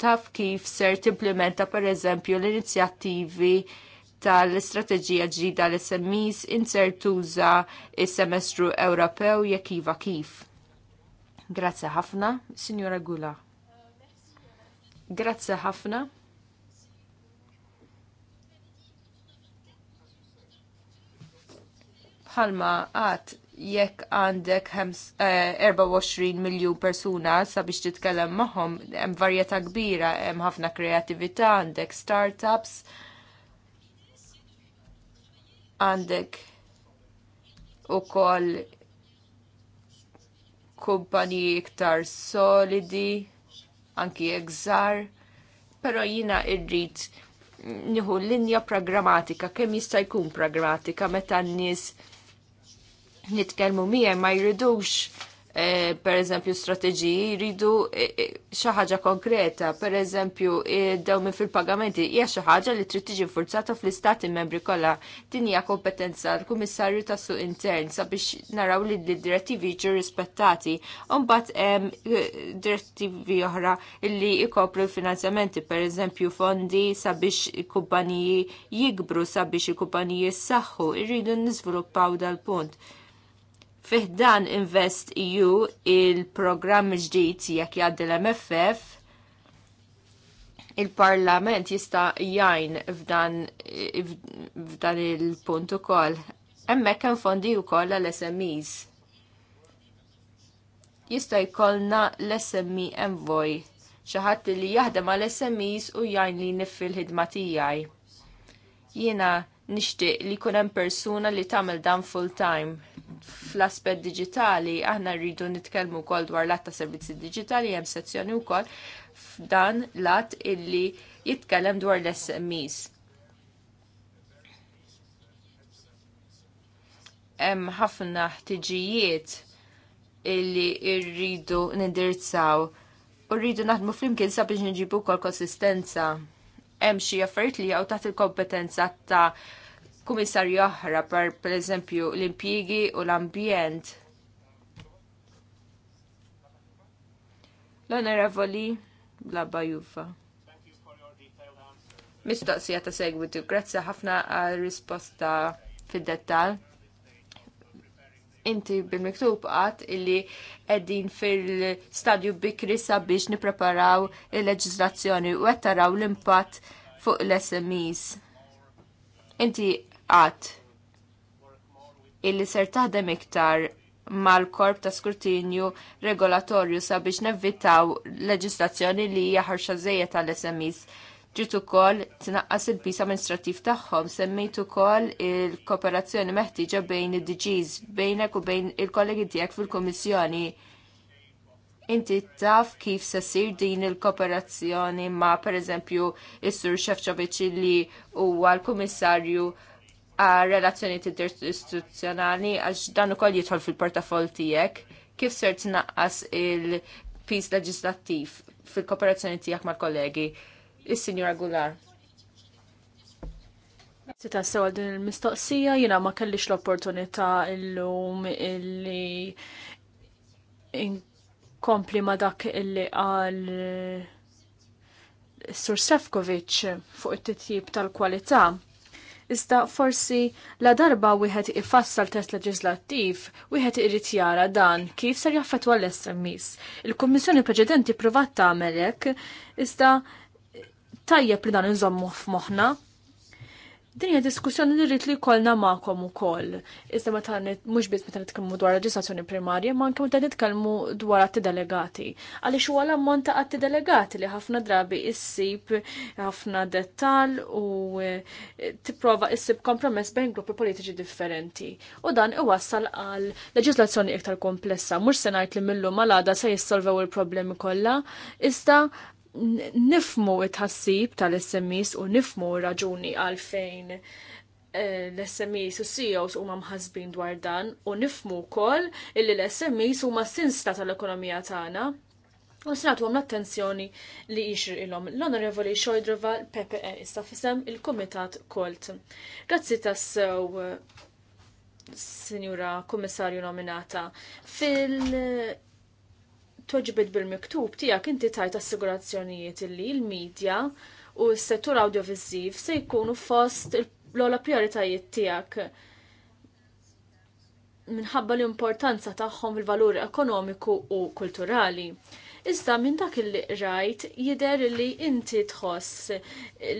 Taf kif ser timplementa per eżempju l-inizjattivi tal-istrateġija ġdida l smis insertuża is-semestru Ewropew jekk iva kif. Grazzi ħafna, Signora Gula. Grazzi ħafna. Bħalma għat jekk għandek 24 eh, miljon persuna sabiex titkellem magħhom hemm varjetà kbira, hemm ħafna kreatività, għandek startups, ups għandek u koll kumpaniji iktar solidi, anki egżar, pero jina irrit nħu linja programmatika, kemm jista' jkun programmatika meta n-nies nitkellmu miegħi ma jridux Eh, per eżempju strateġiji jridu eh, eh, xi ħaġa konkreta, per eżempju dewmin fil-pagamenti hija xi ħaġa li trid tiġi forzata fl-istati membri kollha din hija kompetenza l-Kummissarju tas-Suq Intern sabiex naraw li d-direttivi jiġu rispettati. u Mbagħad hemm direttivi oħra li jkopru l-finanzjamenti, per eżempju fondi sabiex kumpaniji jikbru sabiex il-kumpaniji jissaħħu, irridu niżviluppaw dal-punt Fih dan Invest EU il-programm ġdid jekk jgħaddi l-MFF il-parlament jista' jgħin f'dan, f'dan il-punt ukoll. Hemmhekk hemm fondi wkoll għall-SMEs. Jista' jkollna l-SME envoy xi ħadd li jaħdem għal SMEs u jgħin li niffil ħidma tiegħi. Jiena nixtieq li jkun hemm persuna li tagħmel dan full time fl-aspet digitali aħna rridu nitkellmu kol dwar l-att ta' servizzi digitali hemm sezzjoni wkoll f'dan l-att illi jitkellem dwar l-SMEs. Hemm ħafna ħtiġijiet illi rridu nindirizzaw u rridu naħdmu flimkien sabiex nġibu kol konsistenza. Hemm xi affarijiet li jew taħt il-kompetenza ta' kummissarju oħra per pereżempju l-impjigi u l-ambjent. L-Onorevoli Blabba bajufa. Mistoqsija ta' segwitu, grazzi ħafna għal risposta fid-dettal inti bil-miktub għat illi għeddin fil-stadju bikri sabiex nipreparaw il-leġizlazzjoni u għettaraw l-impat fuq l-SMEs. Inti għat illi ser taħdem iktar mal-korp ta' skrutinju regolatorju sabiex nevitaw leġislazzjoni li hija ħarxa żejjed tal-SMEs. Ġiet ukoll tnaqqas il-pis amministrattiv tagħhom, semmejt ukoll il-kooperazzjoni meħtieġa bejn id-DGs bejnek u bejn il-kollegi tiegħek fil-Kummissjoni. Inti taf kif se sir din il-kooperazzjoni ma' pereżempju is-Sur Xefċoviċ li huwa l-Kummissarju relazzjoni istituzzjonali għax dan ukoll jidħol fil-portafol tiegħek. Kif ser tnaqqas il-pis leġislattiv fil-kooperazzjoni tiegħek mal-kollegi? Is-Sinjura Gular. Sita ta' sewa din il-mistoqsija, jina ma kellix l-opportunità illum illi inkompli ma dak illi għal Sur Sefkovic fuq it-titjib tal-kwalità Iżda forsi la darba wieħed ifassal test leġislattiv, wieħed irid jara dan kif ser jaffettwa l-SMEs. Il-Kummissjoni preċedenti provat hekk iżda tajjeb li dan inżommu f'moħħna Din hija diskussjoni li rrid li jkollna magħkom ukoll. Iżda meta mhux biss meta nitkellmu dwar leġislazzjoni primarja, ma anke meta nitkellmu dwar atti delegati. Għaliex huwa l-ammont ta' atti delegati li ħafna drabi issib ħafna dettal u eh, tipprova issib kompromess bejn gruppi politiċi differenti. U dan iwassal għal leġislazzjoni iktar komplessa. Mhux se ngħid li millu malada se jissolvew il-problemi kollha, iżda nifmu it-ħassib tal sms u nifmu raġuni għalfejn eh, l sms u CEOs u mħazbin dwar dan u nifmu kol illi l sms u ma sinsta tal-ekonomija tagħna. U s-natu għom l-attenzjoni li jixri il-om l-Onorevoli Xojdrova PPE istafisem il-Komitat Kolt. Grazzi tassew Sinjura komissarju nominata fil- toġbit bil-miktub tiegħek inti tajt assigurazzjonijiet li l-medja u s-settur audiovisiv se jkunu fost l-ola prioritajiet tiegħek minħabba l-importanza tagħhom il-valur ekonomiku u kulturali. Iżda minn dak li rajt jider li inti tħoss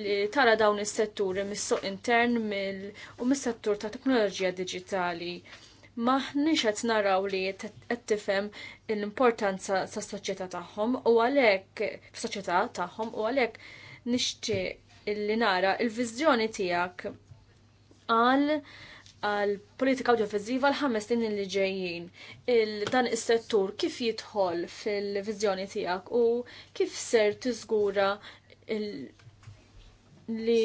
li tara dawn is-setturi mis-suq intern mill u mis-settur ta' teknoloġija diġitali maħniex qed naraw li qed tifhem l-importanza sa' soċjetà tagħhom u għalhekk f'soċjetà tagħhom u għalhekk nixtieq li nara il vizjoni tiegħek għal għal politika audiovisiva l-ħames din li ġejjin. Dan is-settur kif jidħol fil vizjoni tiegħek u kif ser tiżgura li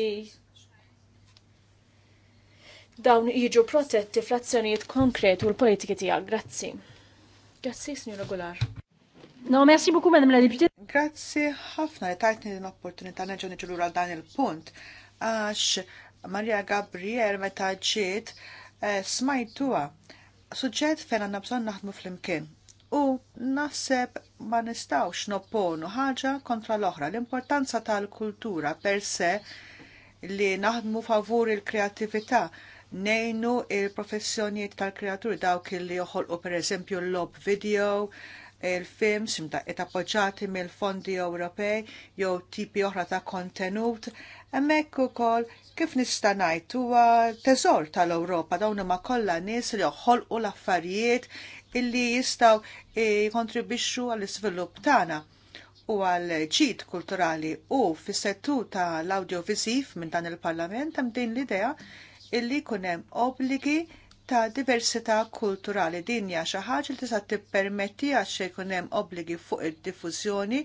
dawn jiġu protetti fl-azzjonijiet konkret u l-politiki tiegħek. Grazzi. Grazzi, signor Regular. No, merci beaucoup, Madame la Députée. Grazzi ħafna li tajtni din opportunità neġu neġu l dan il-punt għax Maria Gabriel meta ġiet eh, smajtuha suġġett fejn għandna bżonn naħdmu flimkien u naħseb ma nistawx nopponu ħaġa kontra l-oħra. L-importanza tal-kultura per se li naħdmu favur il-kreativita nejnu il-professjoniet tal-kreaturi dawk li joħolqu pereżempju l-lob video, il-films et appoġġati mill-fondi Ewropej jew tipi oħra ta' kontenut, hemmhekk ukoll kif nista' ngħid huwa teżor tal-Ewropa dawn ma' kollha nies li joħolqu l-affarijiet illi jistgħu jkontribwixxu għall-iżvilupp tagħna u għal ġid kulturali u fis-settur tal-audiovisiv minn dan il-Parlament hemm din l-idea illi jkun hemm obbligi ta' diversità kulturali din hija xi ħaġa li tista' tippermetti għax se jkun hemm obbligi fuq id-diffużjoni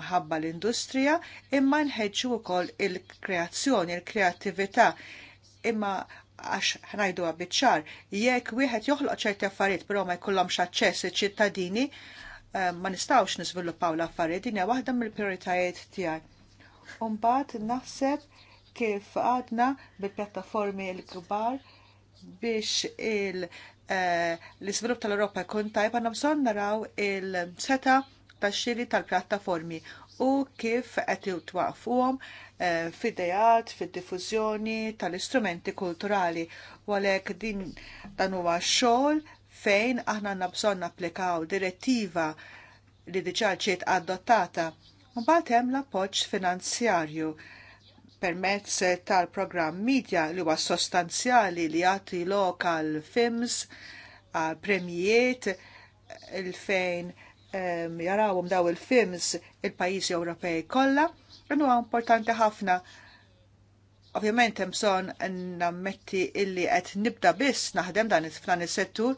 mħabba l-industrija imma nħeġġu wkoll il-kreazzjoni, il-kreattività imma għax ħnajdu biċ-ċar, jekk wieħed joħloq ċerti affarijiet però ma jkollhomx aċċess iċ-ċittadini, eh, ma nistgħux niżviluppaw l-affarijiet, dinja waħda mill-prioritajiet tiegħi. Umbagħad naħseb kif għadna bil-pjattaformi l-kbar biex il- eh, l-izvilup tal-Europa jkun tajb għandna bżonn naraw il-seta tax-xiri tal-pjattaformi u kif qed jitwaqfuhom eh, f'idejat, fid-diffużjoni tal-istrumenti kulturali u għalhekk din dan huwa xogħol fejn aħna għandna bżonn applikaw direttiva li diġà ġiet adottata Mbagħad hemm l-appoġġ finanzjarju permezz tal-programm Media li huwa sostanzjali li jagħti lokal films għal premijiet il-fejn um, jarawhom daw il-films il-pajjiżi Ewropej kollha. Dan huwa importanti ħafna. Ovvjament hemm bżonn nammetti illi qed nibda biss naħdem dan f'dan is-settur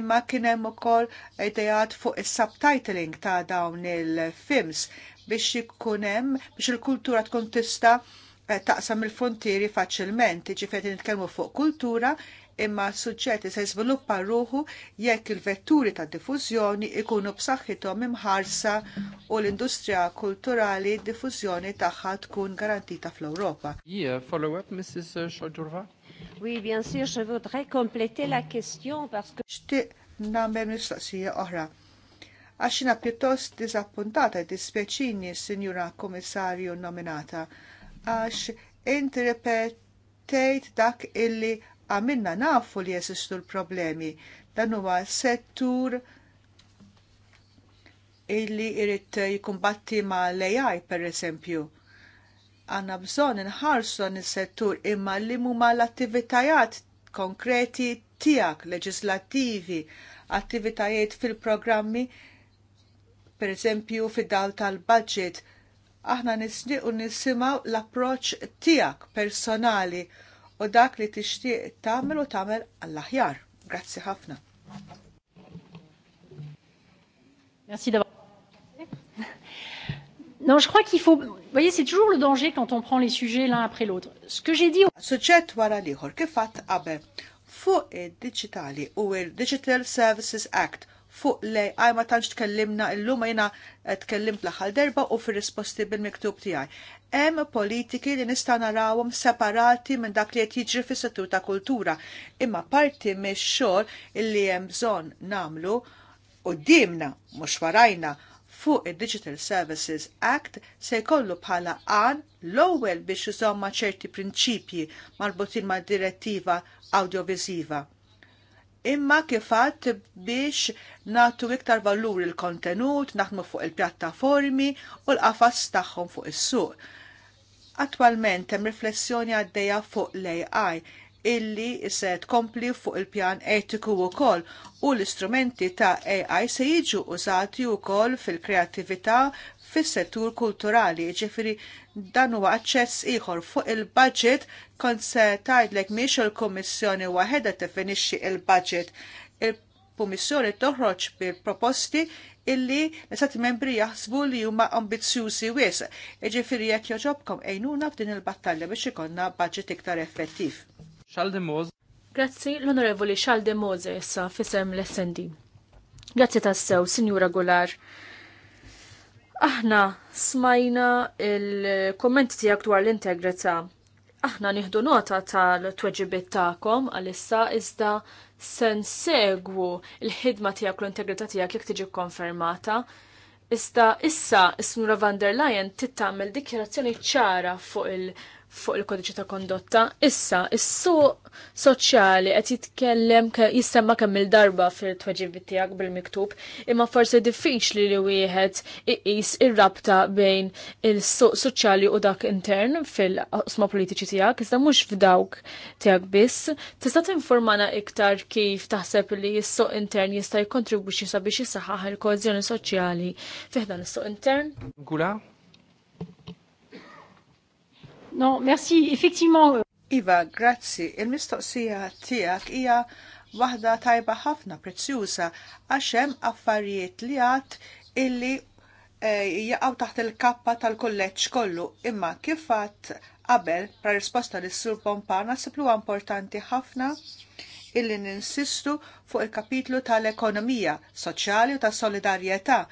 imma kien hemm ukoll idejat fuq is-subtitling ta' dawn il-films biex ikun hemm biex il-kultura tkun tista' Eh, taqsam il-frontieri faċilment, ġifet nitkellmu fuq kultura, imma suġġetti se jżviluppa ruħu jekk il-vetturi ta' diffużjoni ikunu b'saħħithom imħarsa u l-industrija kulturali diffużjoni tagħha tkun garantita fl-Ewropa. Yeah, follow up, Mrs. Uh, oui, bien sûr, je voudrais compléter la question parce que... Xtiq namel mistoqsija oħra. Għaxina pjuttost diżappuntata e dispjaċini, Sinjura Komissarju nominata għax inti dak illi għamilna nafu li jesistu l-problemi. Dan huwa settur illi irrit jikumbatti ma l-AI per esempio. Għanna bżon nħarsu għan il-settur imma li mumma l-attivitajat konkreti tijak, leġislativi, attivitajiet fil-programmi, per esempio fid-dal tal-budget, aħna nisniq u nisimaw l-approċ tijak personali u dak li tixtieq tagħmel u tagħmel għall-aħjar. Grazzi ħafna. Merci d'avoir. Non, je crois qu'il faut. Vous voyez, c'est toujours le danger quand on prend les sujets l'un après l'autre. Ce que j'ai dit. Suċċett wara liħor kif fatt qabel fuq id-digitali u il-Digital Services Act fuq le għaj ma tantx tkellimna illum jina eh, tkellimt l derba u fir-risposti bil-miktub tiegħi. Hemm politiki li nista' narawhom separati minn dak li qed jiġri fis-settur ta' kultura, imma parti mix-xogħol illi hemm bżonn nagħmlu dimna, mhux warajna fuq il-Digital Services Act se jkollu bħala għan l-ewwel biex iżomma ċerti prinċipji marbutin ma' direttiva audiovisiva imma kifat biex natu iktar valur il-kontenut, naħdmu fuq il-pjattaformi u l-qafas tagħhom fuq is-suq. Attualment hemm riflessjoni għaddejja fuq l-AI illi se tkompli fuq il-pjan etiku wkoll u l-istrumenti ta' AI se jiġu użati wkoll fil kreattività fis-settur kulturali, ġifiri dan huwa aċċess ieħor fuq il-budget kont se tgħidlek miex il-Kummissjoni waħedha tiffinixxi il-budget. Il-Kummissjoni toħroġ bil proposti illi l istati membri jaħsbu li huma ambizzjużi wis. Iġifieri jekk joġobkom għejnuna f'din il-battalja biex ikonna budget iktar effettiv. Grazzi l-Onorevoli Xalde Mose issa fisem l-SND. Grazzi tassew, Sinjura Gular. Aħna smajna il komment tijak dwar l-integrità. Aħna nieħdu nota tal-tweġibiet tagħkom għalissa iżda sen segwu l-ħidma tijak l-integrità tijak jek tiġi konfermata. Iżda issa, Snura van der Leyen tittamel dikjarazzjoni ċara fuq il- fuq il-kodiċi ta' kondotta. Issa, is-suq soċjali qed jitkellem jistemma kemm il-darba fil-tweġibi tiegħek bil-miktub, imma forsi diffiċli li wieħed iqis ir-rabta bejn il-suq soċjali u dak intern fil-qosma politiċi tiegħek, iżda mhux f'dawk tiegħek biss. Tista' tinformana iktar kif taħseb li s-suq intern jista' jikkontribwixxi sabiex jisaħħaħ il-koeżjoni soċjali fih dan is-suq intern? Gula, No, merci, effectivement. Euh, iva, grazzi. Il-mistoqsija tiegħek hija waħda tajba ħafna, prezzjuża, għax hemm affarijiet li għad illi eh, jaqgħu taħt il-kappa tal-kolleġġ kollu, imma kif għad qabel pra risposta li sur Pompana siplu importanti ħafna illi ninsistu fuq il-kapitlu tal-ekonomija soċjali u tas solidarjetà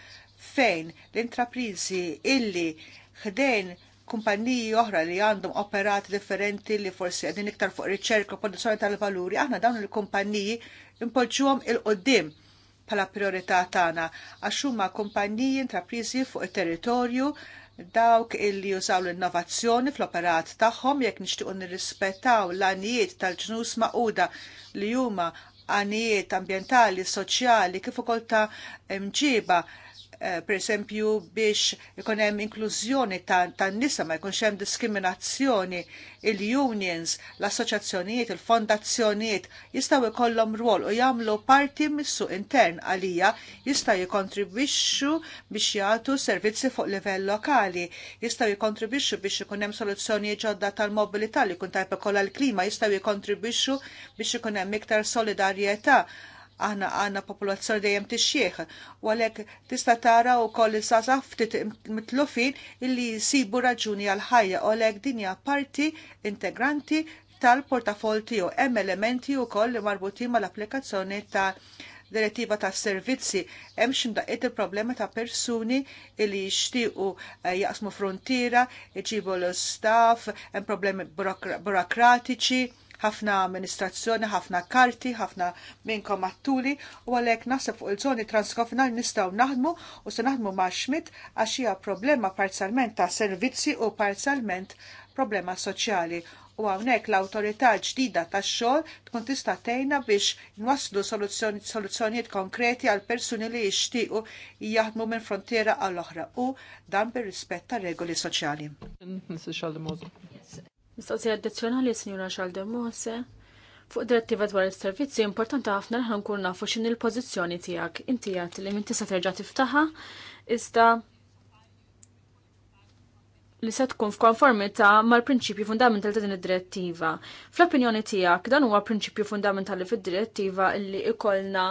fejn l-intraprizi illi ħdejn kumpanniji oħra li għandhom operati differenti li forsi għedin iktar fuq riċerka u produzzjoni tal-valuri, aħna dawn il-kumpanniji impoġġuhom il-qoddim bħala priorità tagħna għax huma kumpanniji intrapriżi fuq it-territorju dawk illi jużaw l-innovazzjoni fl-operat tagħhom jekk nixtiequ nirrispettaw l-għanijiet tal-ġnus maquda li huma għanijiet ambjentali, soċjali, kif ukoll ta' mġiba Eh, per esempio biex ikun hemm inklużjoni tan-nisa ma jkunx hemm diskriminazzjoni il-unions, l-assoċjazzjonijiet, il-fondazzjonijiet jistgħu jkollhom rwol u jagħmlu parti mis-suq intern għalija jistgħu jikontribwixxu biex jagħtu servizzi fuq livell lokali, jistgħu jikontribwixxu biex ikun hemm soluzzjonijiet ġodda tal-mobilità li jkun tajpa kollha l-klima, jistgħu jikontribwixxu biex ikun hemm iktar solidarjetà aħna għandna popolazzjoni dejjem tixjieħ, u għalhekk tista' tara wkoll is-sasaf ftit mitlufin illi jsibu raġuni għal ħajja u għalhekk din hija parti integranti tal-portafol tiegħu hemm elementi wkoll li marbutin mal-applikazzjoni ta' direttiva ta' servizzi, hemm x'imdaqqiet il-problema ta' persuni li jixtiequ eh, jaqsmu frontiera, jġibu l-staff, hemm problemi burokratiċi, ħafna amministrazzjoni, ħafna karti, ħafna minnkom atturi u għalhekk nasa fuq il-żoni transkofinal nistgħu naħdmu u se naħdmu ma' Schmidt għax hija problema parzialment ta' servizzi u parzialment problema soċjali u għawnek l-autorità ġdida ta' xogħol tkun tista' tgħinna biex nwaslu soluzzjonijiet konkreti għal persuni li jixtiequ jaħdmu minn frontiera għall oħra u dan bir rispett regoli soċjali. Mistoqsija addizzjonali Sinjura Xaldem Mose fuq direttiva dwar is-servizzi importanti ħafna li nkun nafu x'in il-pożizzjoni tiegħek. Inti għad li minti sa terġa' tiftaħa iżda li se tkun f'konformità mal-prinċipju fundamentali ta' din id-direttiva. Fl-opinjoni tiegħek dan huwa prinċipju fundamentali fid-direttiva illi ikolna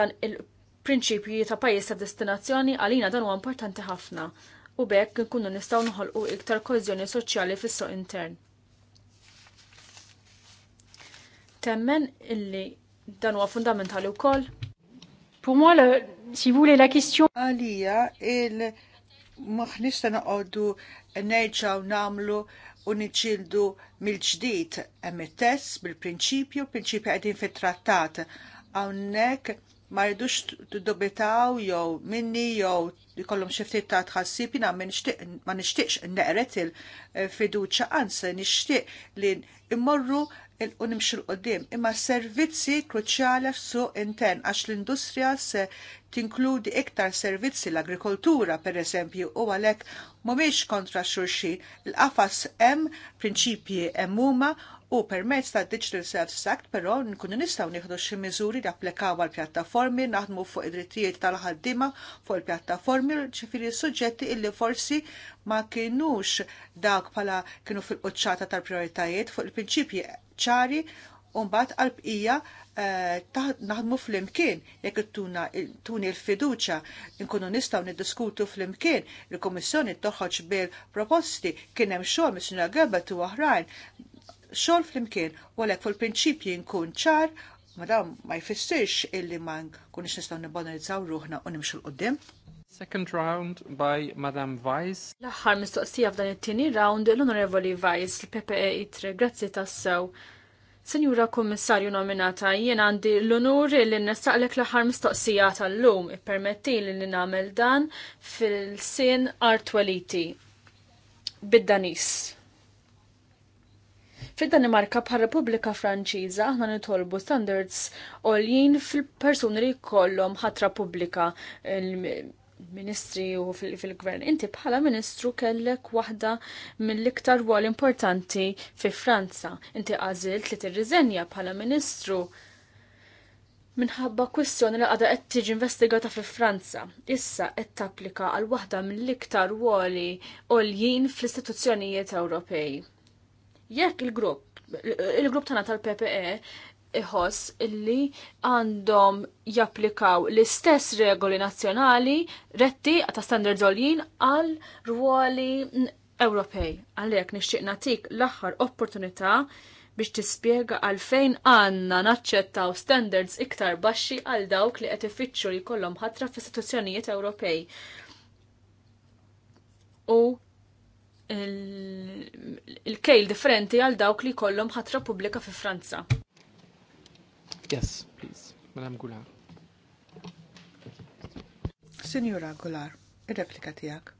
dan il-prinċipju ta' pajjiż ta' destinazzjoni għalina dan huwa importanti ħafna u bekk nkunu nistgħu nħolqu iktar kożjoni soċjali fis-suq intern. Temmen illi dan huwa fundamentali wkoll. Pour moi, le, si vous voulez la question. Alia il maħnista naqoddu nerġaw namlu u niċildu mill-ġdid hemm tess bil-prinċipju, prinċipju qegħdin fit-trattat. Hawnhekk ma rridux dubitaw jew minni jew jkollhom xi ftit ta' tħassib jiena ma n neqret il-fiduċja għans nixtieq li immorru il-unimxil qoddim imma servizzi kruċjali f'suq intern għax l-industrija se tinkludi iktar servizzi l-agrikoltura pereżempju u għalhekk mhumiex kontra xulxin il-qafas hemm prinċipji hemm huma u permezz ta' Digital Self Act però nkunu nistgħu nieħdu xi miżuri li applikaw għall pjattaformi naħdmu fuq id-drittijiet tal-ħaddiema fuq il-pjattaformi ġifieri suġġetti illi forsi ma kienux dawk bħala kienu fil-quċċata tal-prioritajiet fuq il-prinċipji ċari u mbagħad għal-bqija eh, naħdmu fl-imkien, jekk tuna tuni l-fiduċa, nkunu nistaw niddiskutu fl-imkien, il-Komissjoni toħħoġ bil-proposti kien hemm xogħol mis-Sinjora Gebet u oħrajn xogħol flimkien u għalhekk fil prinċipji nkun ċar ma ma jfissirx illi ma nkunx nistgħu nibbonalizzaw ruħna u nimxu l qoddim Second round by Madam Vice. L-aħħar mistoqsija f'dan it-tieni round l-Onorevoli Vice, l ppe Itre, grazzi tassew. Senjura Kommissarju nominata, jien għandi l-onur li nistaqlek l-aħħar mistoqsija tal-lum, permetti li nagħmel dan fil-sin Artwaliti bid-Danis. Fid-Danimarka bħal Repubblika Franċiża aħna nitolbu standards għoljin fil-persuni li jkollhom ħatra pubblika ministri u fil-gvern. Inti bħala ministru kellek waħda mill-iktar wol importanti fi Franza. Inti għażilt li tirriżenja bħala ministru minħabba kwistjoni li għada qed tiġi investigata fi Franza. Issa qed tapplika għal waħda mill-iktar woli għoljin fl-istituzzjonijiet Ewropej. Jekk il-grupp, il-grupp tagħna tal-PPE iħoss illi għandhom japplikaw l-istess regoli nazzjonali retti ta' standard għoljin għal ruoli Ewropej. Għalhekk nixtieq nagħtik l-aħħar opportunità biex tispjega għalfejn għandna naċċettaw standards iktar baxxi għal dawk li qed ifittxu li jkollhom ħatra fl-istituzzjonijiet Ewropej. U il-kejl differenti għal dawk li kollhom ħatra pubblika fi Franza. Yes, please. Madam Goulart. Signora Gular, ir-replika tiegħek.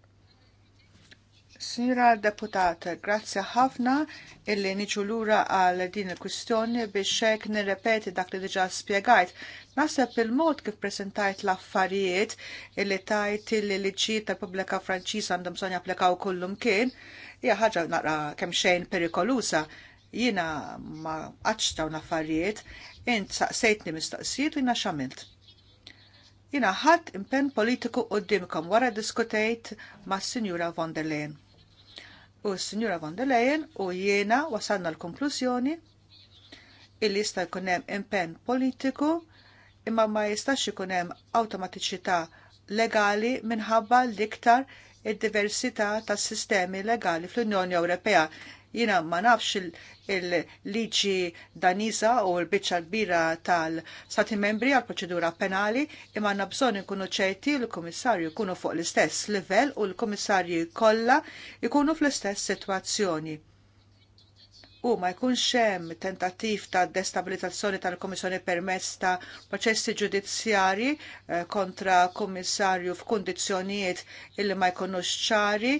Signora Deputata, grazzi ħafna illi niġu lura għal din il-kwistjoni biex xek nirrepeti dak li diġa' spjegajt Naħseb il-mod kif presentajt l-affarijiet li tajt li liġijiet tal-Pubblika Franċiża għandhom bżonn japplikaw kullum kien, hija ħaġa naqra kemm xejn perikolusa. Jiena ma qattx dawn affarijiet, int saqsejtni mistoqsijiet u jiena x'għamilt. Jiena ħadd impenn politiku qudiemkom wara diskutejt mas-Sinjura von der Leyen. U s-Sinjura von der Leyen u jiena wasalna l-konklużjoni illi jista' jkun hemm impenn politiku imma ma jistax ikun hemm awtomatiċità legali minħabba l-iktar id-diversità tas sistemi legali fl-Unjoni Ewropea. Jiena ma nafx il-liġi daniża u l-biċċa kbira tal-Stati membri għal proċedura penali imma għandna bżonn ikunu ċerti l kummissarju jkunu fuq l-istess livell u l kummissarji kollha jkunu fl-istess sitwazzjoni u ma jkunx hemm tentattiv ta' destabilizzazzjoni tal-Komissjoni permezz ta' proċessi ġudizzjarji eh, kontra kommissarju f'kundizzjonijiet illi ma jkunux ċari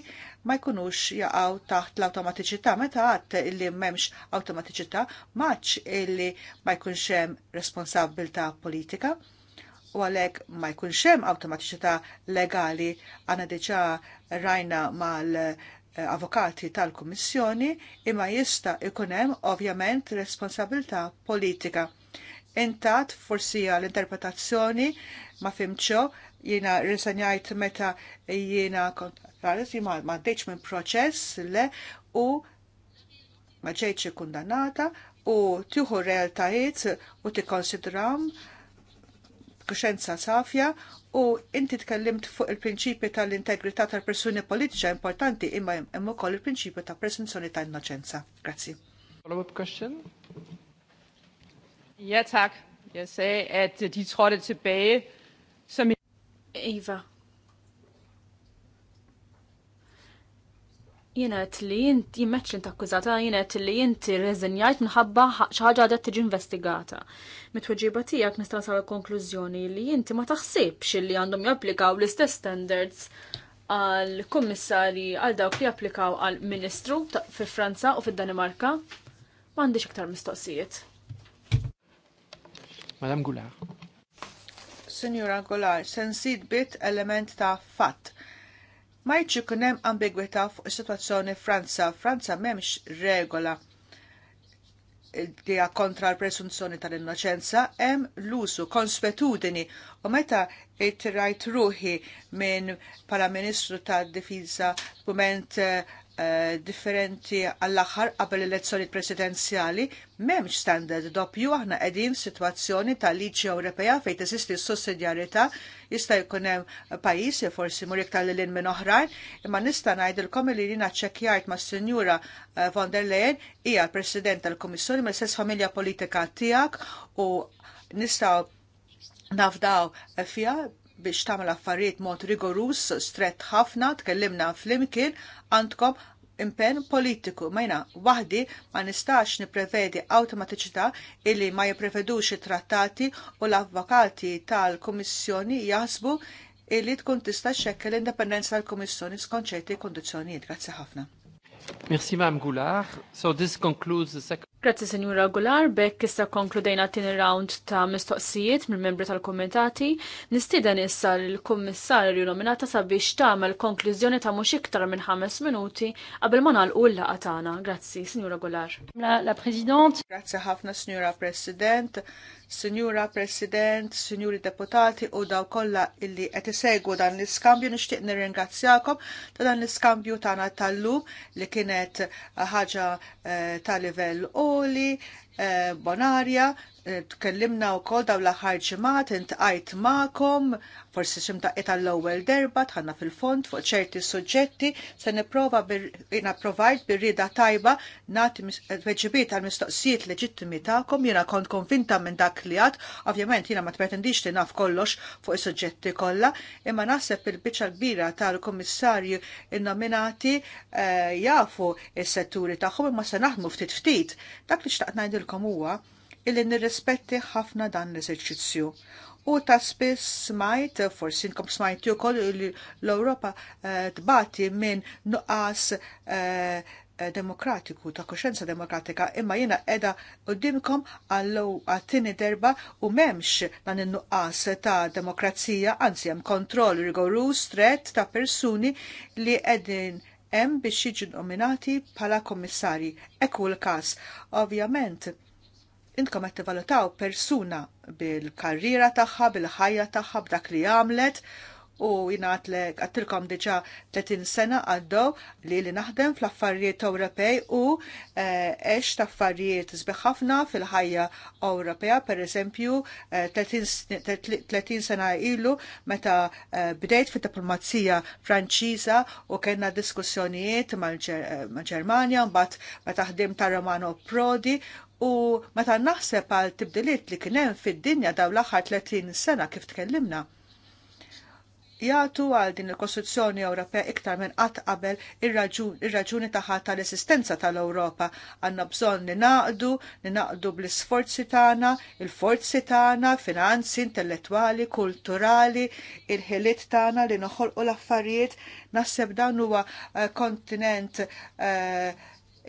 ma jkunux jaqgħu taħt l-awtomatiċità meta għadt illi m'hemmx awtomatiċità maċ illi ma jkunx hemm responsabilità politika u għalek ma jkunx hemm awtomatiċità legali għana diġà rajna mal Eh, avokati tal-Kummissjoni imma jista' jkun hemm ovvjament responsabilità politika. Intat forsi għal interpretazzjoni ma fimċo jiena risanjajt meta jiena kontraris jiena ma ddeċ minn proċess le u ma ġejċi kundannata u tiħu realtajiet u konsidram kuxenza safja U inti tkellimt fuq il-prinċipju tal-integrità tal-persuni politiċa importanti imma hemm ukoll il-prinċipju ta' presunzjoni ta' innoċenza. Grazzi. Follow-up question? Ja, tak. Jeg sagde, at de trådte tilbage som... Eva, jenet li jint, jimmeċ li takkużata jenet li jint rezenjajt minħabba xaħġa għadet tiġi investigata. Mitwġiba tijak nistan sa' konklużjoni li jint ma taħsibx li għandhom japplikaw l-istess standards għal kommissari għal dawk li japplikaw għal ministru fi Franza u fi Danimarka. M'għandix iktar mistoqsijiet. Madam Goulart. Signora Goulart, sensit bit element ta' fatt Ma kunem ikun hemm ambigwità fuq is-sitwazzjoni Franza. Franza m'hemmx regola dija kontra l-presunzjoni tal-innoċenza, hemm l-usu konspetudini u meta it-rajt ruħi minn pala ministru tad difiza kument Eh, differenti għall-aħħar qabel elezzjoni presidenzjali m'hemmx standard doppju aħna qegħdin situazzjoni ta' liġi Ewropea fejn teżisti s-sussidjarjetà jista' jkun hemm pajjiżi, forsi mur iktar lil minn oħrajn imma nista' ngħidilkom li jiena ċekkjajt mas-Sinjura eh, von der Leyen hija l-President tal-Kummissjoni mill-istess familja politika tiegħek u nistgħu nafdaw fija biex tagħmel affarijiet mod rigorus, strett ħafna, tkellimna flimkien, għandkom impenn politiku. Majna, wahdi ma nistax niprevedi awtomatiċità illi ma jiprevedux it-trattati u l-avvokati tal komissjoni jasbu illi tkun tista' xekkel l-indipendenza tal komissjoni skont ċerti Grazie Grazzi ħafna. Merci, Mam Goulard. So this concludes the second... Grazzi Senjura Gular, bekk issa konkludejna tin round ta' mistoqsijiet mill membri tal-komitati. Nistieden issa l-Kummissarju nominata sabiex tagħmel konklużjoni ta' mhux iktar minn ħames minuti qabel ma nagħlqu l-laqgħa tagħna. Grazzi, Sinjura Gular. La, la President. Grazzi ħafna Sinjura President. Signora President, Sinjuri Deputati u daw kollha illi qed isegwu dan l-iskambju nixtieq nirringrazzjakom ta' dan l-iskambju tagħna tal-lum li kienet ħaġa eh, ta' livell u Napoli, eh, Bonaria, tkellimna u kol daw laħħar ġimgħat, intqajt ma'kom, forsi ximta tal-ewwel derba, tħanna fil fond fuq ċerti suġġetti, se niprova jina provajt birrida tajba nati weġibiet għal mistoqsijiet leġittimi ta'kom, jina kont konvinta minn dak li għad, ovvjament jina ma tpretendix li naf kollox fuq is-suġġetti kollha, imma naħseb il-biċċa kbira tal-kummissarju innominati eh, jafu s setturi tagħhom imma se naħdmu ftit ftit. Dak li xtaqt ngħidilkom huwa illi nirrispetti ħafna dan l-eżerċizzju. U ta' spiss smajt, forsi nkom smajt ukoll li l-Ewropa eh, tbati minn nuqqas eh, demokratiku, ta' koxenza demokratika, imma jena edha għallu għattini derba u memx dan il-nuqqas ta' demokrazija, anzi hemm kontroll rigorus stret ta' persuni li edin hemm biex jiġu nominati bħala komissari. Ekku l-każ. Ovvjament, intkom qed tivalutaw persuna bil-karriera tagħha, bil-ħajja tagħha, b'dak li għamlet u jingħad li għattilkom diġa 30 sena għaddew li li naħdem fl-affarijiet Ewropej u għex eh, taffarijiet ħafna fil-ħajja Ewropea, pereżempju 30 eh, sena ilu meta eh, bdejt fid-diplomazija Franċiża u kellna diskussjonijiet mal-Ġermanja, mbagħad meta ħdim ta' Romano Prodi U meta naħseb għal tibdiliet li kien hemm fid-dinja daw l-aħħar 30 sena kif tkellimna, jagħtu għal din il-Kostituzzjoni Ewropea iktar minn qatt qabel ir-raġuni tagħha tal-esistenza tal-Ewropa. Għandna bżonn ninaqdu, ninaqdu bl-isforzi tagħna, il-forzi tagħna, finanzi, intellettwali, kulturali, il-ħiliet tagħna li noħolqu l-affarijiet. Naħseb dan huwa eh, kontinent uh,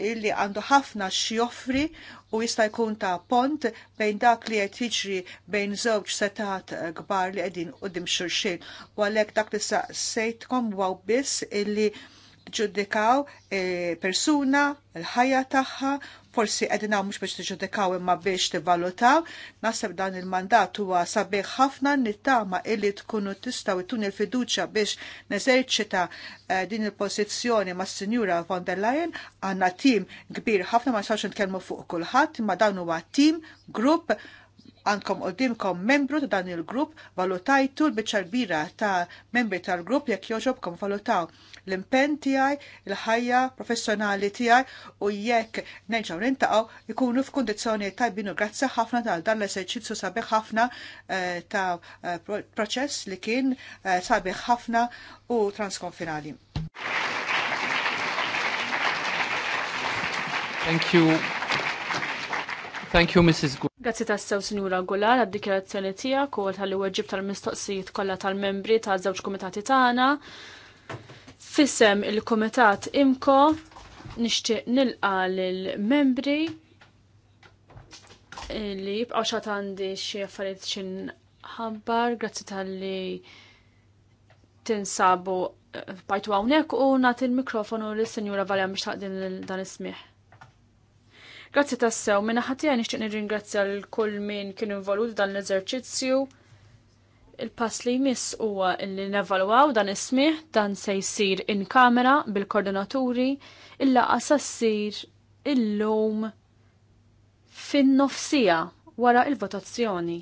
illi għandu ħafna xjoffri u jista' jkun ta' pont bejn dak li qed jiġri bejn żewġ setat kbar li qegħdin qudiem xulxin. U għalhekk dak li saqsejtkom waw biss illi ġuddikaw e, persuna, l ħajja tagħha, forsi qegħdin mhux biex t-ġuddikaw imma biex tivalutaw. Naħseb dan il-mandat huwa sabiħ ħafna nittama illi tkunu tistgħu tun il-fiduċja biex neżerċita e, din il-pożizzjoni mas sinjura von der Leyen għandna tim kbir ħafna ma t-kelmu fuq kulħadd, imma dan huwa tim, grupp għandkom qoddimkom membru ta' dan il-grupp valutajtu l-biċċa ta' membri tal-grupp jekk joġobkom valutaw l-impenn tiegħi, l ħajja professjonali tiegħi u jekk neġaw rintaqaw jkunu f'kundizzjoni tajbinu u grazzi ħafna tal dan l eserċizzu sabiħ ħafna eh, ta' eh, proċess li kien eh, sabiħ ħafna u transkonfinali. Thank you. Thank you, Mrs. Gu. Grazzi sew Sinjura Goulart, għad dikjerazzjoni tiegħek u tal weġib tal-mistoqsijiet kollha tal-membri ta' żewġ kumitati tagħna. Fissem il-kumitat imko nixtieq nilqa lill-membri li jibqgħu xat għandi xi affarijiet xi nħabbar, grazzi tal-li tinsabu bajtu hawnhekk u nagħti l-mikrofonu lis-Sinjura Valja biex taqdin dan is Grazzi tassew, minna ħatija nixtieq nirringrazzja l kull min kien involut dan l-eżerċizzju. Il-pass li jmiss huwa li nevalwaw dan ismiħ, dan se jsir in kamera bil-koordinaturi il-laqa il illum fin-nofsija wara il-votazzjoni.